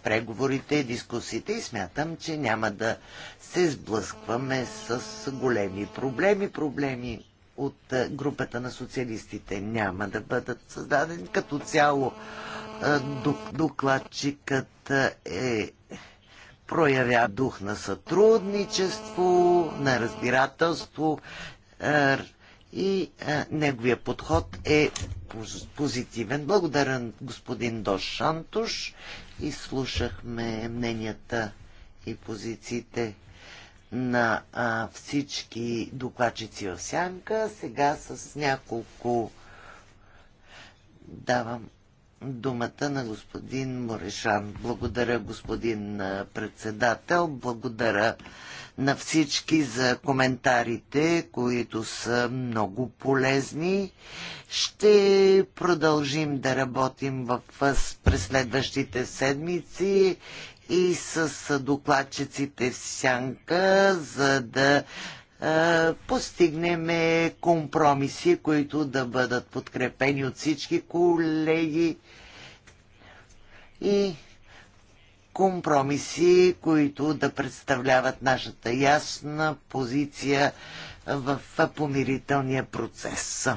преговорите и дискусиите и смятам, че няма да се сблъскваме с големи проблеми. Проблеми от групата на социалистите няма да бъдат създадени. Като цяло докладчикът е проявя дух на сътрудничество, на разбирателство, и а, неговия подход е позитивен. Благодаря господин Дош Шантуш. слушахме мненията и позициите на а, всички докладчици в сянка. Сега с няколко давам думата на господин Морешан. Благодаря, господин председател. Благодаря на всички за коментарите, които са много полезни. Ще продължим да работим в, през следващите седмици и с докладчиците в сянка, за да постигнем компромиси, които да бъдат подкрепени от всички колеги и компромиси, които да представляват нашата ясна позиция в помирителния процес.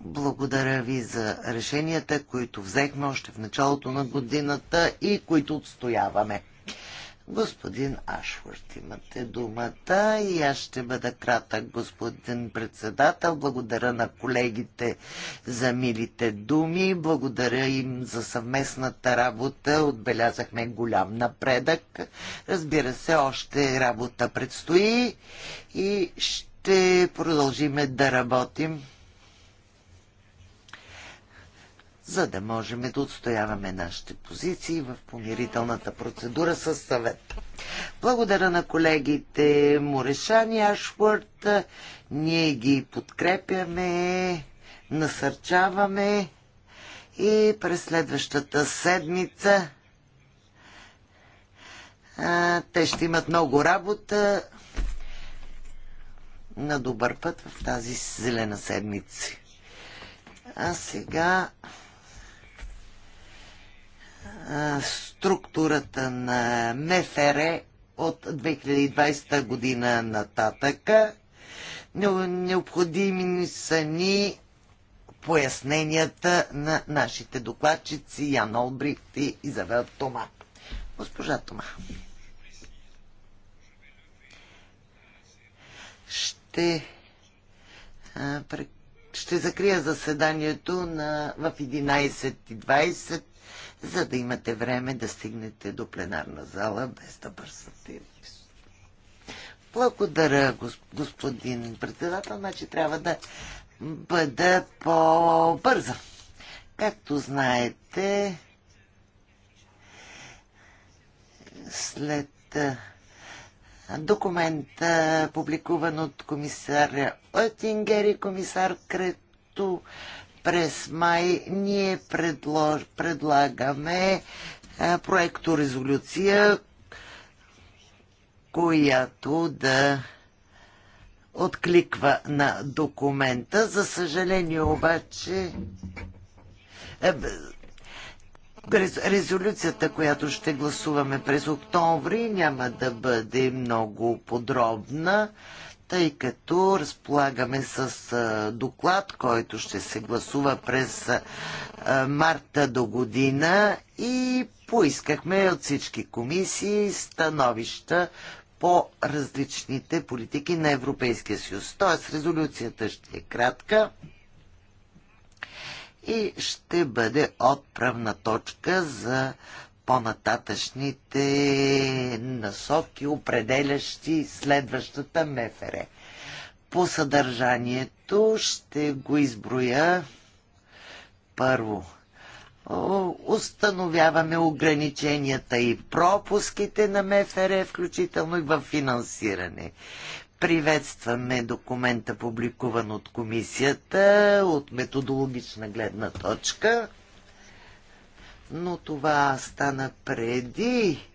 Благодаря ви за решенията, които взехме още в началото на годината и които отстояваме. Господин Ашвард, имате думата и аз ще бъда кратък, господин председател. Благодаря на колегите за милите думи. Благодаря им за съвместната работа. Отбелязахме голям напредък. Разбира се, още работа предстои и ще продължиме да работим за да можем да отстояваме нашите позиции в помирителната процедура с съвет. Благодаря на колегите Морешан и Ашфорд. Ние ги подкрепяме, насърчаваме и през следващата седмица те ще имат много работа на добър път в тази зелена седмица. А сега структурата на МФР от 2020 година нататъка. Необходими са ни поясненията на нашите докладчици Ян Олбрихт и Изабел Тома. Госпожа Тома. Ще, ще закрия заседанието на, в 11.20 за да имате време да стигнете до пленарна зала без да бързате. Благодаря, господин председател. Значи трябва да бъда по-бърза. Както знаете, след документа, публикуван от комисаря Оттингер и комисар Крето, през май ние предлож, предлагаме проекто резолюция, която да откликва на документа. За съжаление обаче е, резолюцията, която ще гласуваме през октомври, няма да бъде много подробна тъй като разполагаме с доклад, който ще се гласува през марта до година и поискахме от всички комисии становища по различните политики на Европейския съюз. Тоест резолюцията ще е кратка и ще бъде отправна точка за по-нататъчните насоки, определящи следващата МФР. По съдържанието ще го изброя първо. Установяваме ограниченията и пропуските на МФР, включително и в финансиране. Приветстваме документа, публикуван от комисията, от методологична гледна точка но това стана преди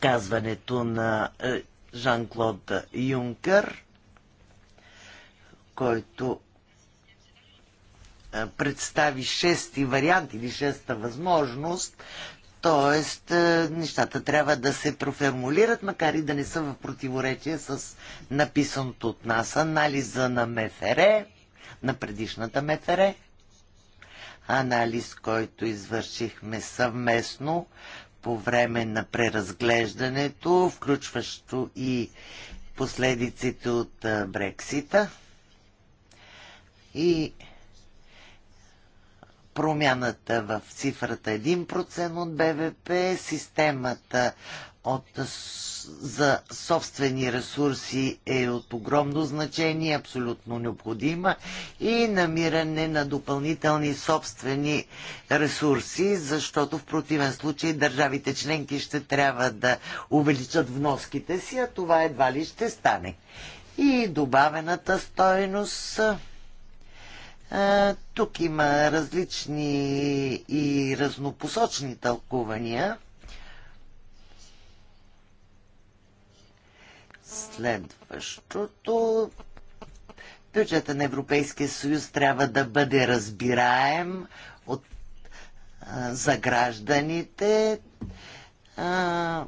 казването на е, Жан-Клод Юнкър, който е, представи шести вариант или шеста възможност, т.е. нещата трябва да се проформулират, макар и да не са в противоречие с написаното от нас анализа на МФР, на предишната МФР анализ, който извършихме съвместно по време на преразглеждането, включващо и последиците от Брексита и промяната в цифрата 1% от БВП, системата от, за собствени ресурси е от огромно значение, абсолютно необходима и намиране на допълнителни собствени ресурси, защото в противен случай държавите членки ще трябва да увеличат вноските си, а това едва ли ще стане. И добавената стоеност тук има различни и разнопосочни тълкувания. Следващото. Бюджета на Европейския съюз трябва да бъде разбираем от, а, за гражданите. А,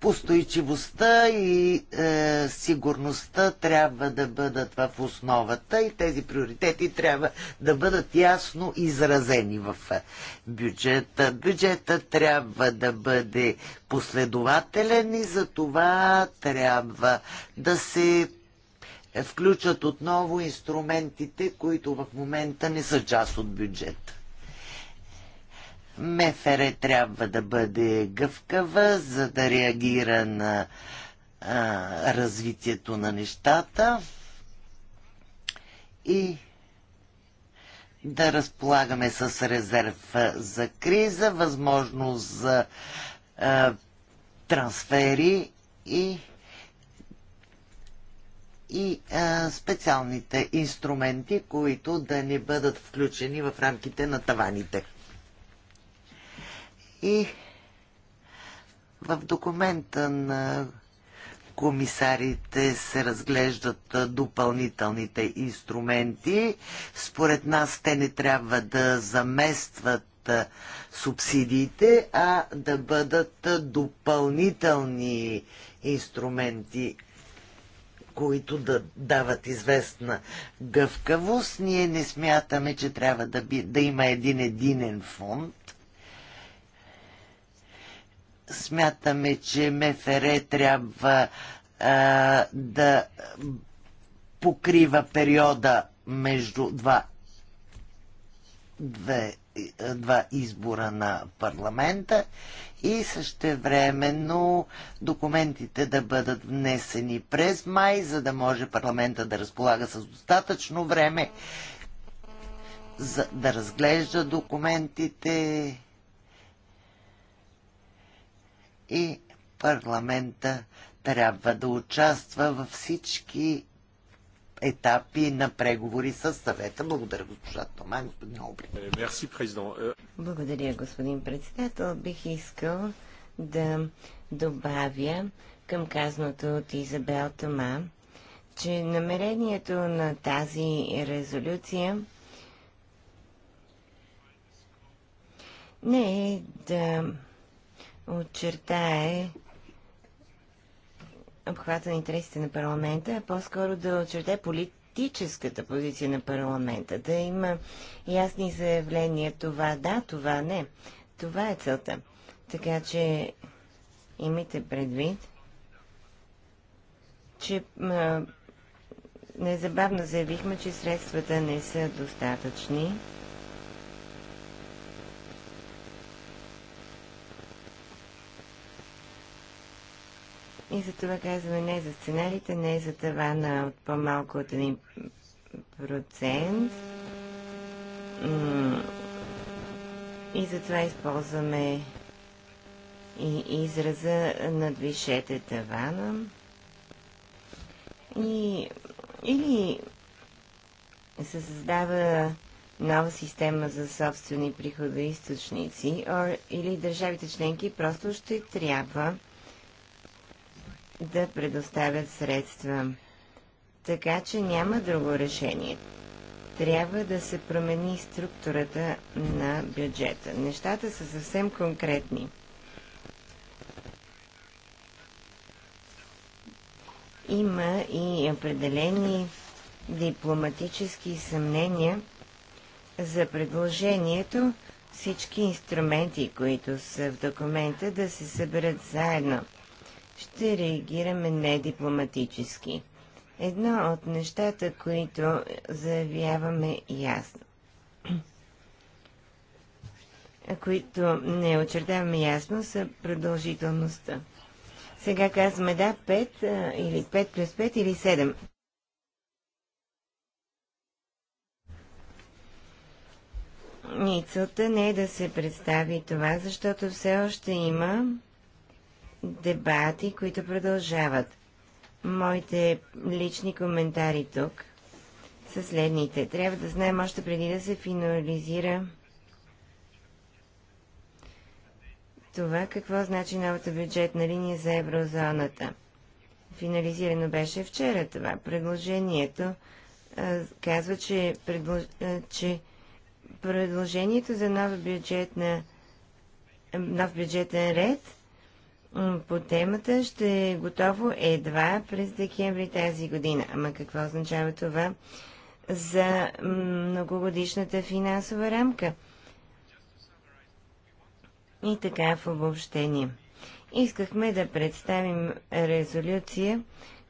Постойчивостта и е, сигурността трябва да бъдат в основата и тези приоритети трябва да бъдат ясно изразени в е, бюджета. Бюджета трябва да бъде последователен и за това трябва да се включат отново инструментите, които в момента не са част от бюджета. МФР е, трябва да бъде гъвкава, за да реагира на а, развитието на нещата и да разполагаме с резерв за криза, възможност за а, трансфери и, и а, специалните инструменти, които да не бъдат включени в рамките на таваните. И в документа на комисарите се разглеждат допълнителните инструменти. Според нас те не трябва да заместват субсидиите, а да бъдат допълнителни инструменти, които да дават известна гъвкавост. Ние не смятаме, че трябва да, би, да има един единен фонд смятаме, че МФР трябва а, да покрива периода между два, две, два избора на парламента и същевременно документите да бъдат внесени през май, за да може парламента да разполага с достатъчно време за да разглежда документите и парламента трябва да участва във всички етапи на преговори с съвета. Благодаря, госпожа Томан, господин Обри. Е, е, Благодаря, господин председател. Бих искал да добавя към казаното от Изабел Тома, че намерението на тази резолюция не е да очертае обхвата на интересите на парламента, а по-скоро да очертае политическата позиция на парламента, да има ясни заявления това да, това не. Това е целта. Така че имайте предвид, че а, незабавно заявихме, че средствата не са достатъчни. И за това казваме не за сценарите, не за тавана от по-малко от 1%. И затова използваме и израза надвишете тавана. И, или се създава нова система за собствени приходоисточници, или държавите членки просто ще трябва да предоставят средства. Така че няма друго решение. Трябва да се промени структурата на бюджета. Нещата са съвсем конкретни. Има и определени дипломатически съмнения за предложението всички инструменти, които са в документа, да се съберат заедно – ще реагираме недипломатически. Едно от нещата, които заявяваме ясно, които не очертаваме ясно, са продължителността. Сега казваме да, 5 или 5 плюс 5 или 7. И целта не е да се представи това, защото все още има дебати, които продължават. Моите лични коментари тук са следните. Трябва да знаем още преди да се финализира това какво значи новата бюджетна линия за еврозоната. Финализирано беше вчера това. Предложението а, казва, че, предлож... а, че предложението за нова бюджетна, нов бюджетен ред по темата ще е готово едва през декември тази година. Ама какво означава това за многогодишната финансова рамка? И така в обобщение. Искахме да представим резолюция,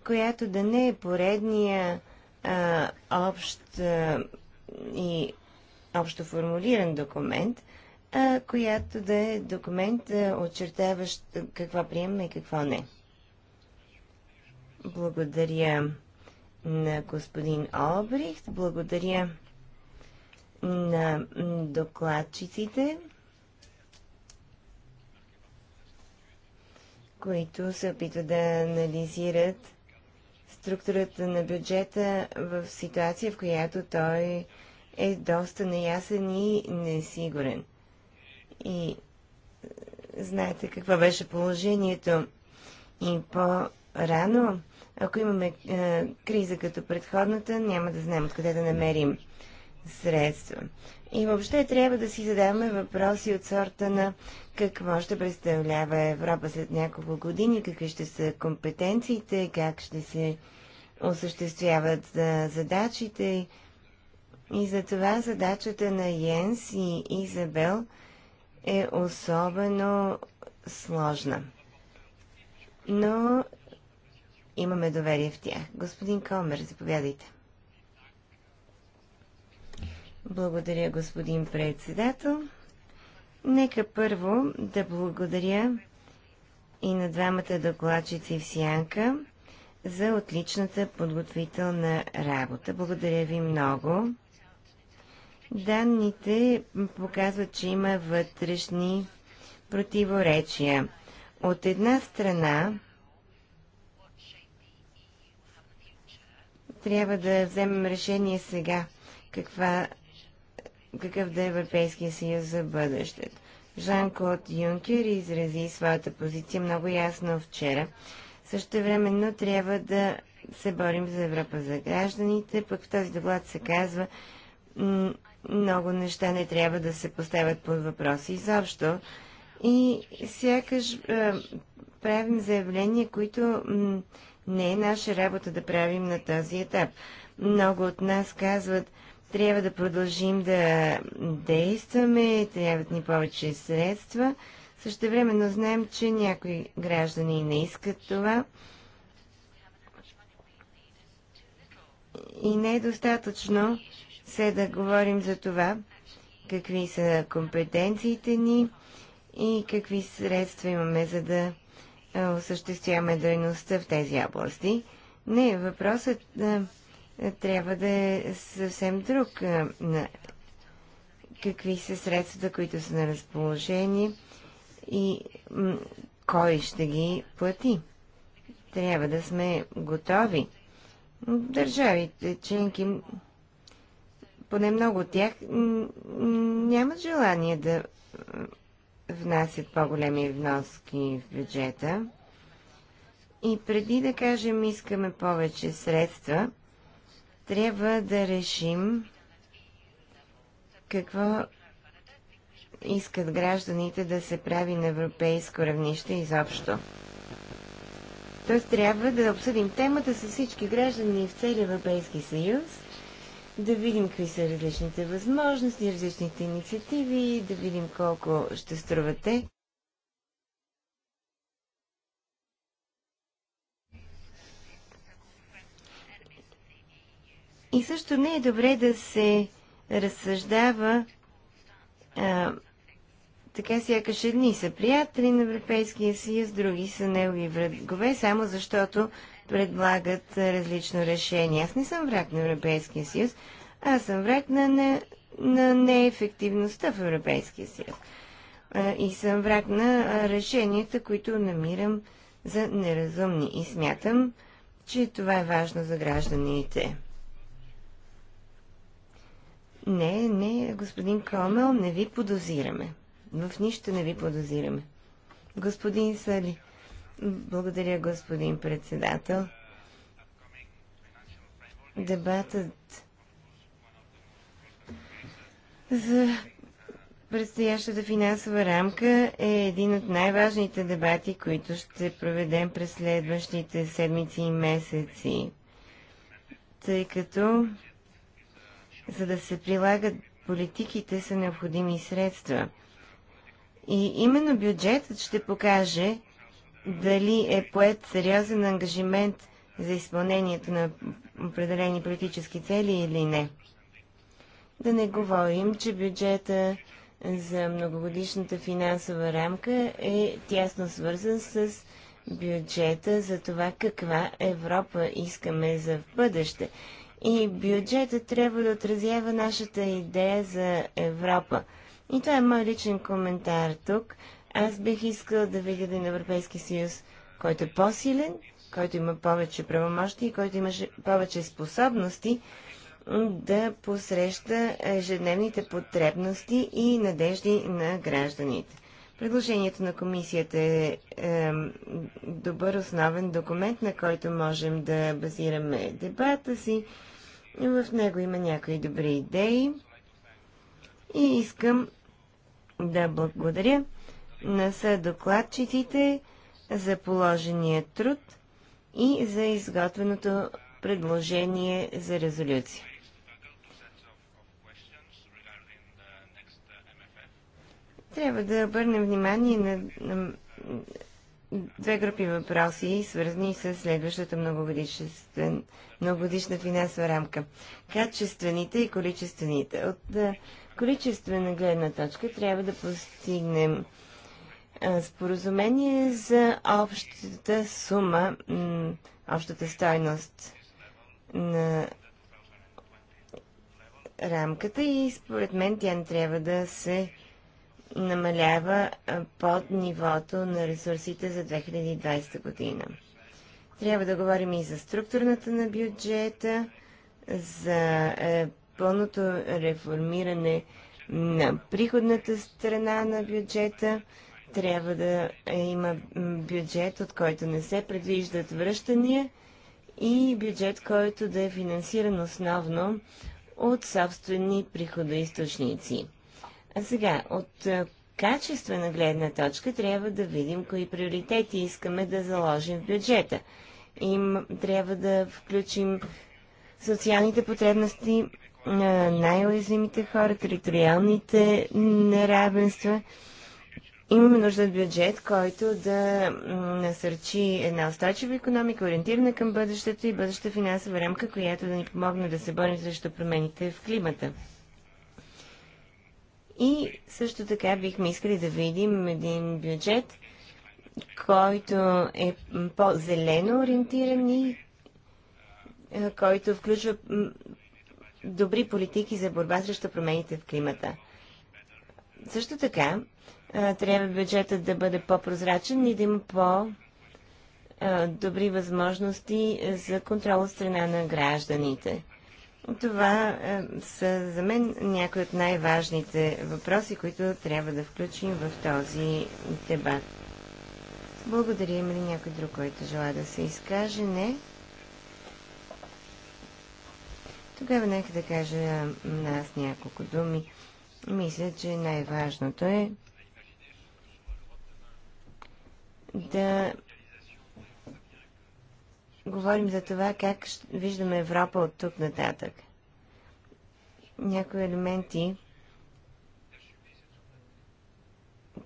която да не е поредния а, общ а, и общо формулиран документ, а, която да е документ, очертаващ какво приемаме и какво не. Благодаря на господин Обрихт, благодаря на докладчиците, които се опитват да анализират структурата на бюджета в ситуация, в която той е доста неясен и несигурен. И знаете какво беше положението. И по-рано, ако имаме е, криза като предходната, няма да знаем откъде да намерим средства. И въобще трябва да си задаваме въпроси от сорта на какво ще представлява Европа след няколко години, какви ще са компетенциите, как ще се осъществяват е, задачите. И за това задачата на Йенс и Изабел – е особено сложна. Но имаме доверие в тях. Господин Комер, заповядайте. Благодаря, господин председател. Нека първо да благодаря и на двамата докладчици в Сянка за отличната подготвителна работа. Благодаря ви много. Данните показват, че има вътрешни противоречия. От една страна трябва да вземем решение сега каква, какъв да е Европейския съюз за бъдещето. Жан-Клод Юнкер изрази своята позиция много ясно вчера. Също времено трябва да се борим за Европа за гражданите, пък в този доклад се казва много неща не трябва да се поставят под въпроси изобщо. И сякаш правим заявления, които не е наша работа да правим на този етап. Много от нас казват, трябва да продължим да действаме, трябват ни повече средства. Също но знаем, че някои граждани не искат това. И не е достатъчно се да говорим за това, какви са компетенциите ни и какви средства имаме, за да осъществяваме дейността в тези области. Не, въпросът а, трябва да е съвсем друг. А, на какви са средствата, които са на разположение и кой ще ги плати. Трябва да сме готови. Държавите членки поне много от тях, нямат желание да внасят по-големи вноски в бюджета. И преди да кажем искаме повече средства, трябва да решим какво искат гражданите да се прави на европейско равнище изобщо. Тоест трябва да обсъдим темата с всички граждани в целия Европейски съюз да видим какви са различните възможности, различните инициативи, да видим колко ще струвате. И също не е добре да се разсъждава а, така сякаш едни са приятели на Европейския съюз, други са негови врагове, само защото предлагат различно решение. Аз не съм враг на Европейския съюз, аз съм враг на, не, на неефективността в Европейския съюз. И съм враг на решенията, които намирам за неразумни. И смятам, че това е важно за гражданите. Не, не, господин Комел, не ви подозираме. В нищо не ви подозираме. Господин Сали, благодаря, господин председател. Дебатът за предстоящата финансова рамка е един от най-важните дебати, които ще проведем през следващите седмици и месеци, тъй като за да се прилагат политиките са необходими средства. И именно бюджетът ще покаже дали е поет сериозен ангажимент за изпълнението на определени политически цели или не. Да не говорим, че бюджета за многогодишната финансова рамка е тясно свързан с бюджета за това каква Европа искаме за в бъдеще. И бюджета трябва да отразява нашата идея за Европа. И това е мой личен коментар тук. Аз бих искал да видя един Европейски съюз, който е по-силен, който има повече правомощи и който има повече способности да посреща ежедневните потребности и надежди на гражданите. Предложението на комисията е, е добър основен документ, на който можем да базираме дебата си. В него има някои добри идеи и искам да благодаря на съдокладчиците за положения труд и за изготвеното предложение за резолюция. Трябва да обърнем внимание на, на две групи въпроси, свързани с следващата многогодишна финансова рамка. Качествените и количествените. От количествена гледна точка трябва да постигнем споразумение за общата сума, общата стойност на рамката и според мен тя не трябва да се намалява под нивото на ресурсите за 2020 година. Трябва да говорим и за структурната на бюджета, за е, пълното реформиране на приходната страна на бюджета, трябва да има бюджет, от който не се предвиждат връщания и бюджет, който да е финансиран основно от собствени приходоисточници. А сега, от качествена гледна точка трябва да видим кои приоритети искаме да заложим в бюджета. Им трябва да включим социалните потребности на най-уязвимите хора, териториалните неравенства – Имаме нужда от бюджет, който да насърчи една устойчива економика, ориентирана към бъдещето и бъдеща финансова рамка, която да ни помогне да се борим срещу промените в климата. И също така бихме искали да видим един бюджет, който е по-зелено ориентиран и който включва добри политики за борба срещу промените в климата. Също така е, трябва бюджетът да бъде по-прозрачен и да има по-добри възможности за контрол от страна на гражданите. Това е, са за мен някои от най-важните въпроси, които трябва да включим в този дебат. Благодаря. Има ли някой друг, който желая да се изкаже? Не. Тогава нека да кажа на нас няколко думи. Мисля, че най-важното е да говорим за това как виждаме Европа от тук нататък. Някои елементи,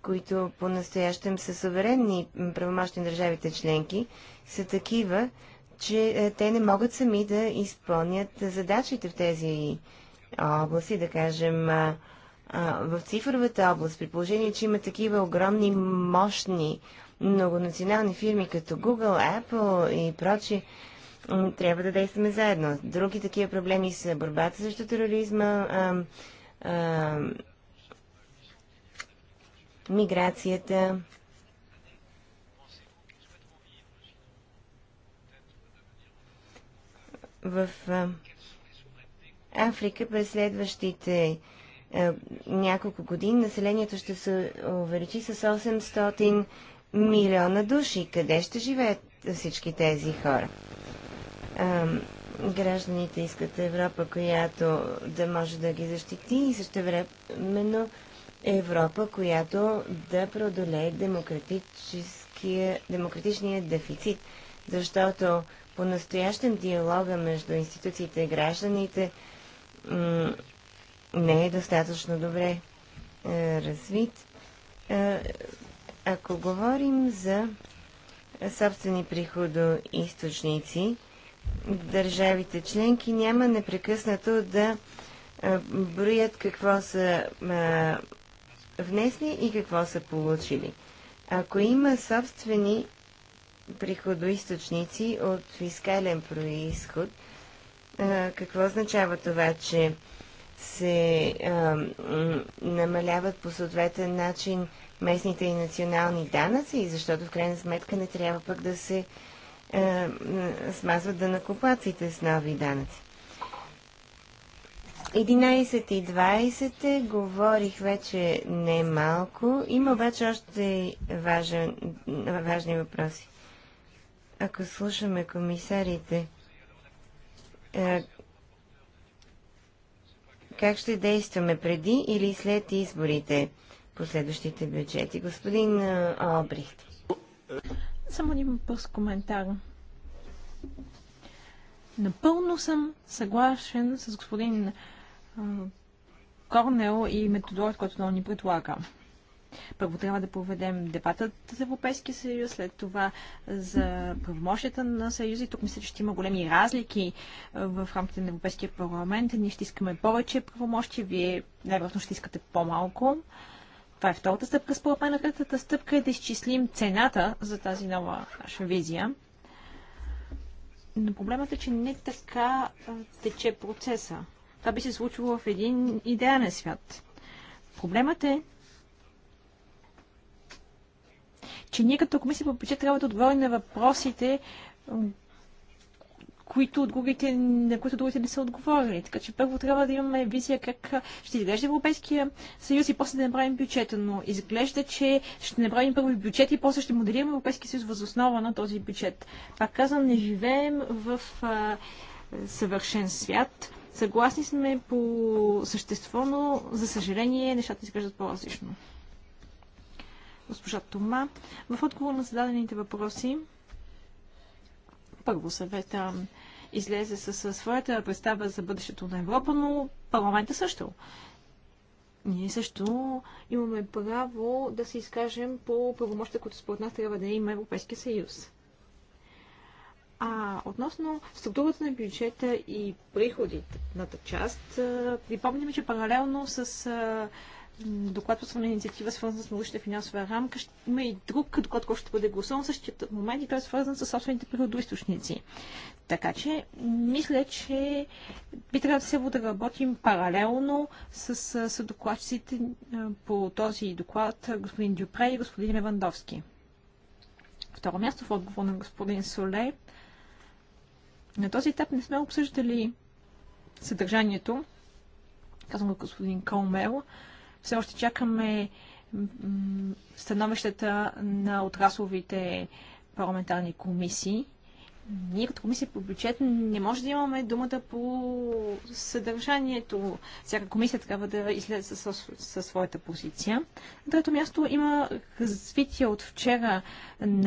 които по-настоящем са суверенни правомощни държавите членки, са такива, че е, те не могат сами да изпълнят задачите в тези области, да кажем, в цифровата област, при положение, че има такива огромни, мощни многонационални фирми като Google, Apple и прочи, трябва да действаме заедно. Други такива проблеми са борбата срещу тероризма, а, а, миграцията. В а, Африка през следващите няколко години населението ще се увеличи с 800 милиона души. Къде ще живеят всички тези хора? А, гражданите искат Европа, която да може да ги защити и също времено Европа, която да продолее демократичния дефицит. Защото по-настоящен диалога между институциите и гражданите не е достатъчно добре е, развит. Е, ако говорим за собствени приходоизточници, държавите членки няма непрекъснато да броят какво са внесли и какво са получили. Ако има собствени приходоисточници от фискален происход, какво означава това, че се намаляват по съответен начин местните и национални данъци и защото в крайна сметка не трябва пък да се е, смазват данъкоплаците с нови данъци. 11 и 20 е, говорих вече не малко. Има обаче още важен, важни въпроси. Ако слушаме комисарите, е, как ще действаме преди или след изборите? последващите бюджети. Господин Обрихт. Само един бърз коментар. Напълно съм съгласен с господин Корнел и методологът, който он ни предлага. Първо трябва да проведем дебатът за Европейския съюз, след това за правомощията на съюзи. Тук мисля, че ще има големи разлики в рамките на Европейския парламент. Ние ще искаме повече правомощи, вие най-вероятно ще искате по-малко. Това е втората стъпка. Според мен третата стъпка е да изчислим цената за тази нова наша визия. Но проблемът е, че не така тече процеса. Това би се случило в един идеален свят. Проблемът е, че ние като комисия по бюджет трябва да отговорим на въпросите, които другите, на които другите не са отговорили. Така че първо трябва да имаме визия как ще изглежда Европейския съюз и после да направим бюджета. Но изглежда, че ще направим първо бюджет и после ще моделираме Европейския съюз възоснова на този бюджет. Пак казвам, не живеем в а, съвършен свят. Съгласни сме по същество, но за съжаление нещата изглеждат по-различно. Госпожа Тома, в отговор на зададените въпроси, първо съвета излезе със своята представа за бъдещето на Европа, но парламента също. Ние също имаме право да се изкажем по правомощите, които според нас трябва да има Европейския съюз. А относно структурата на бюджета и приходите на част, припомняме, че паралелно с доклад по на инициатива, свързан с научната финансова рамка. Има и друг доклад, който ще бъде гласуван в същия момент и той е свързан с собствените природоисточници. Така че, мисля, че би трябвало да, се да работим паралелно с, с докладчиците по този доклад, господин Дюпре и господин Левандовски. Второ място в отговор на господин Соле. На този етап не сме обсъждали съдържанието, казвам го господин Калмел, все още чакаме становищата на отрасловите парламентарни комисии ние като комисия по бюджет не може да имаме думата по съдържанието. Всяка комисия трябва да излезе със, със своята позиция. На трето място има развитие от вчера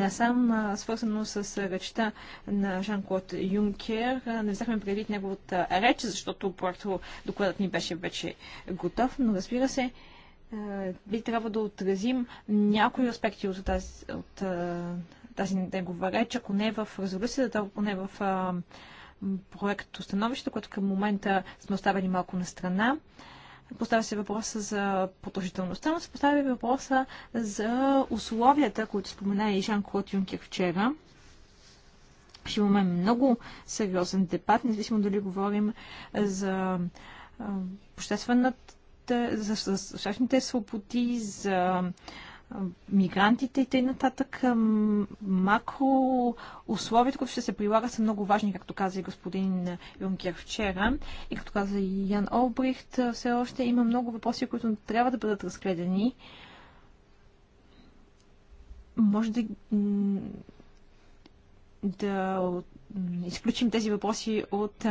сам свързано с речта на Жан-Клод Юнкер. Не взехме предвид неговата реч, защото проекто докладът ни беше вече готов, но разбира се, би трябва да отразим някои аспекти от, тази, от тази негова реч, ако не е в резолюцията, то поне в а, становище, което към момента сме оставили малко на страна. Поставя се въпроса за продължителността, но се поставя въпроса за условията, които спомена и Жан-Клод Юнкер вчера. Ще имаме много сериозен дебат, независимо дали говорим за обществената, за, за, за свободи, за мигрантите и т.н. Макро условията, които ще се прилагат, са много важни, както каза и господин Юнкер вчера. И както каза и Ян Олбрихт, все още има много въпроси, които трябва да бъдат разгледани. Може да да изключим тези въпроси от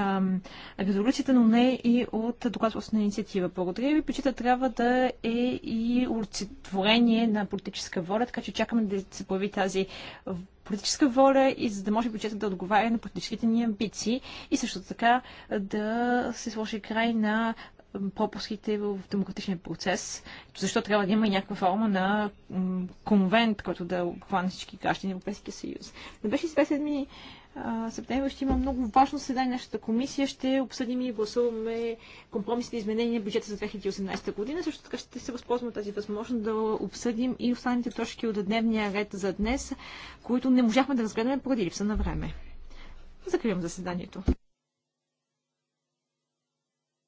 резолюцията, но не и от доклад на инициатива. Благодаря ви. почита трябва да е и олицетворение на политическа воля, така че чакаме да се появи тази политическа воля и за да може бюджетът да отговаря на политическите ни амбиции и също така да се сложи край на пропуските в демократичния процес. Защо трябва да има и някаква форма на конвент, който да обхване всички граждани в Европейския съюз. Не беше известен ми септември ще има много важно седание на нашата комисия. Ще обсъдим и гласуваме компромисните изменения на бюджета за 2018 година. Също така ще се възползваме тази възможност да обсъдим и останалите точки от дневния ред за днес, които не можахме да разгледаме поради липса на време. Закривам заседанието.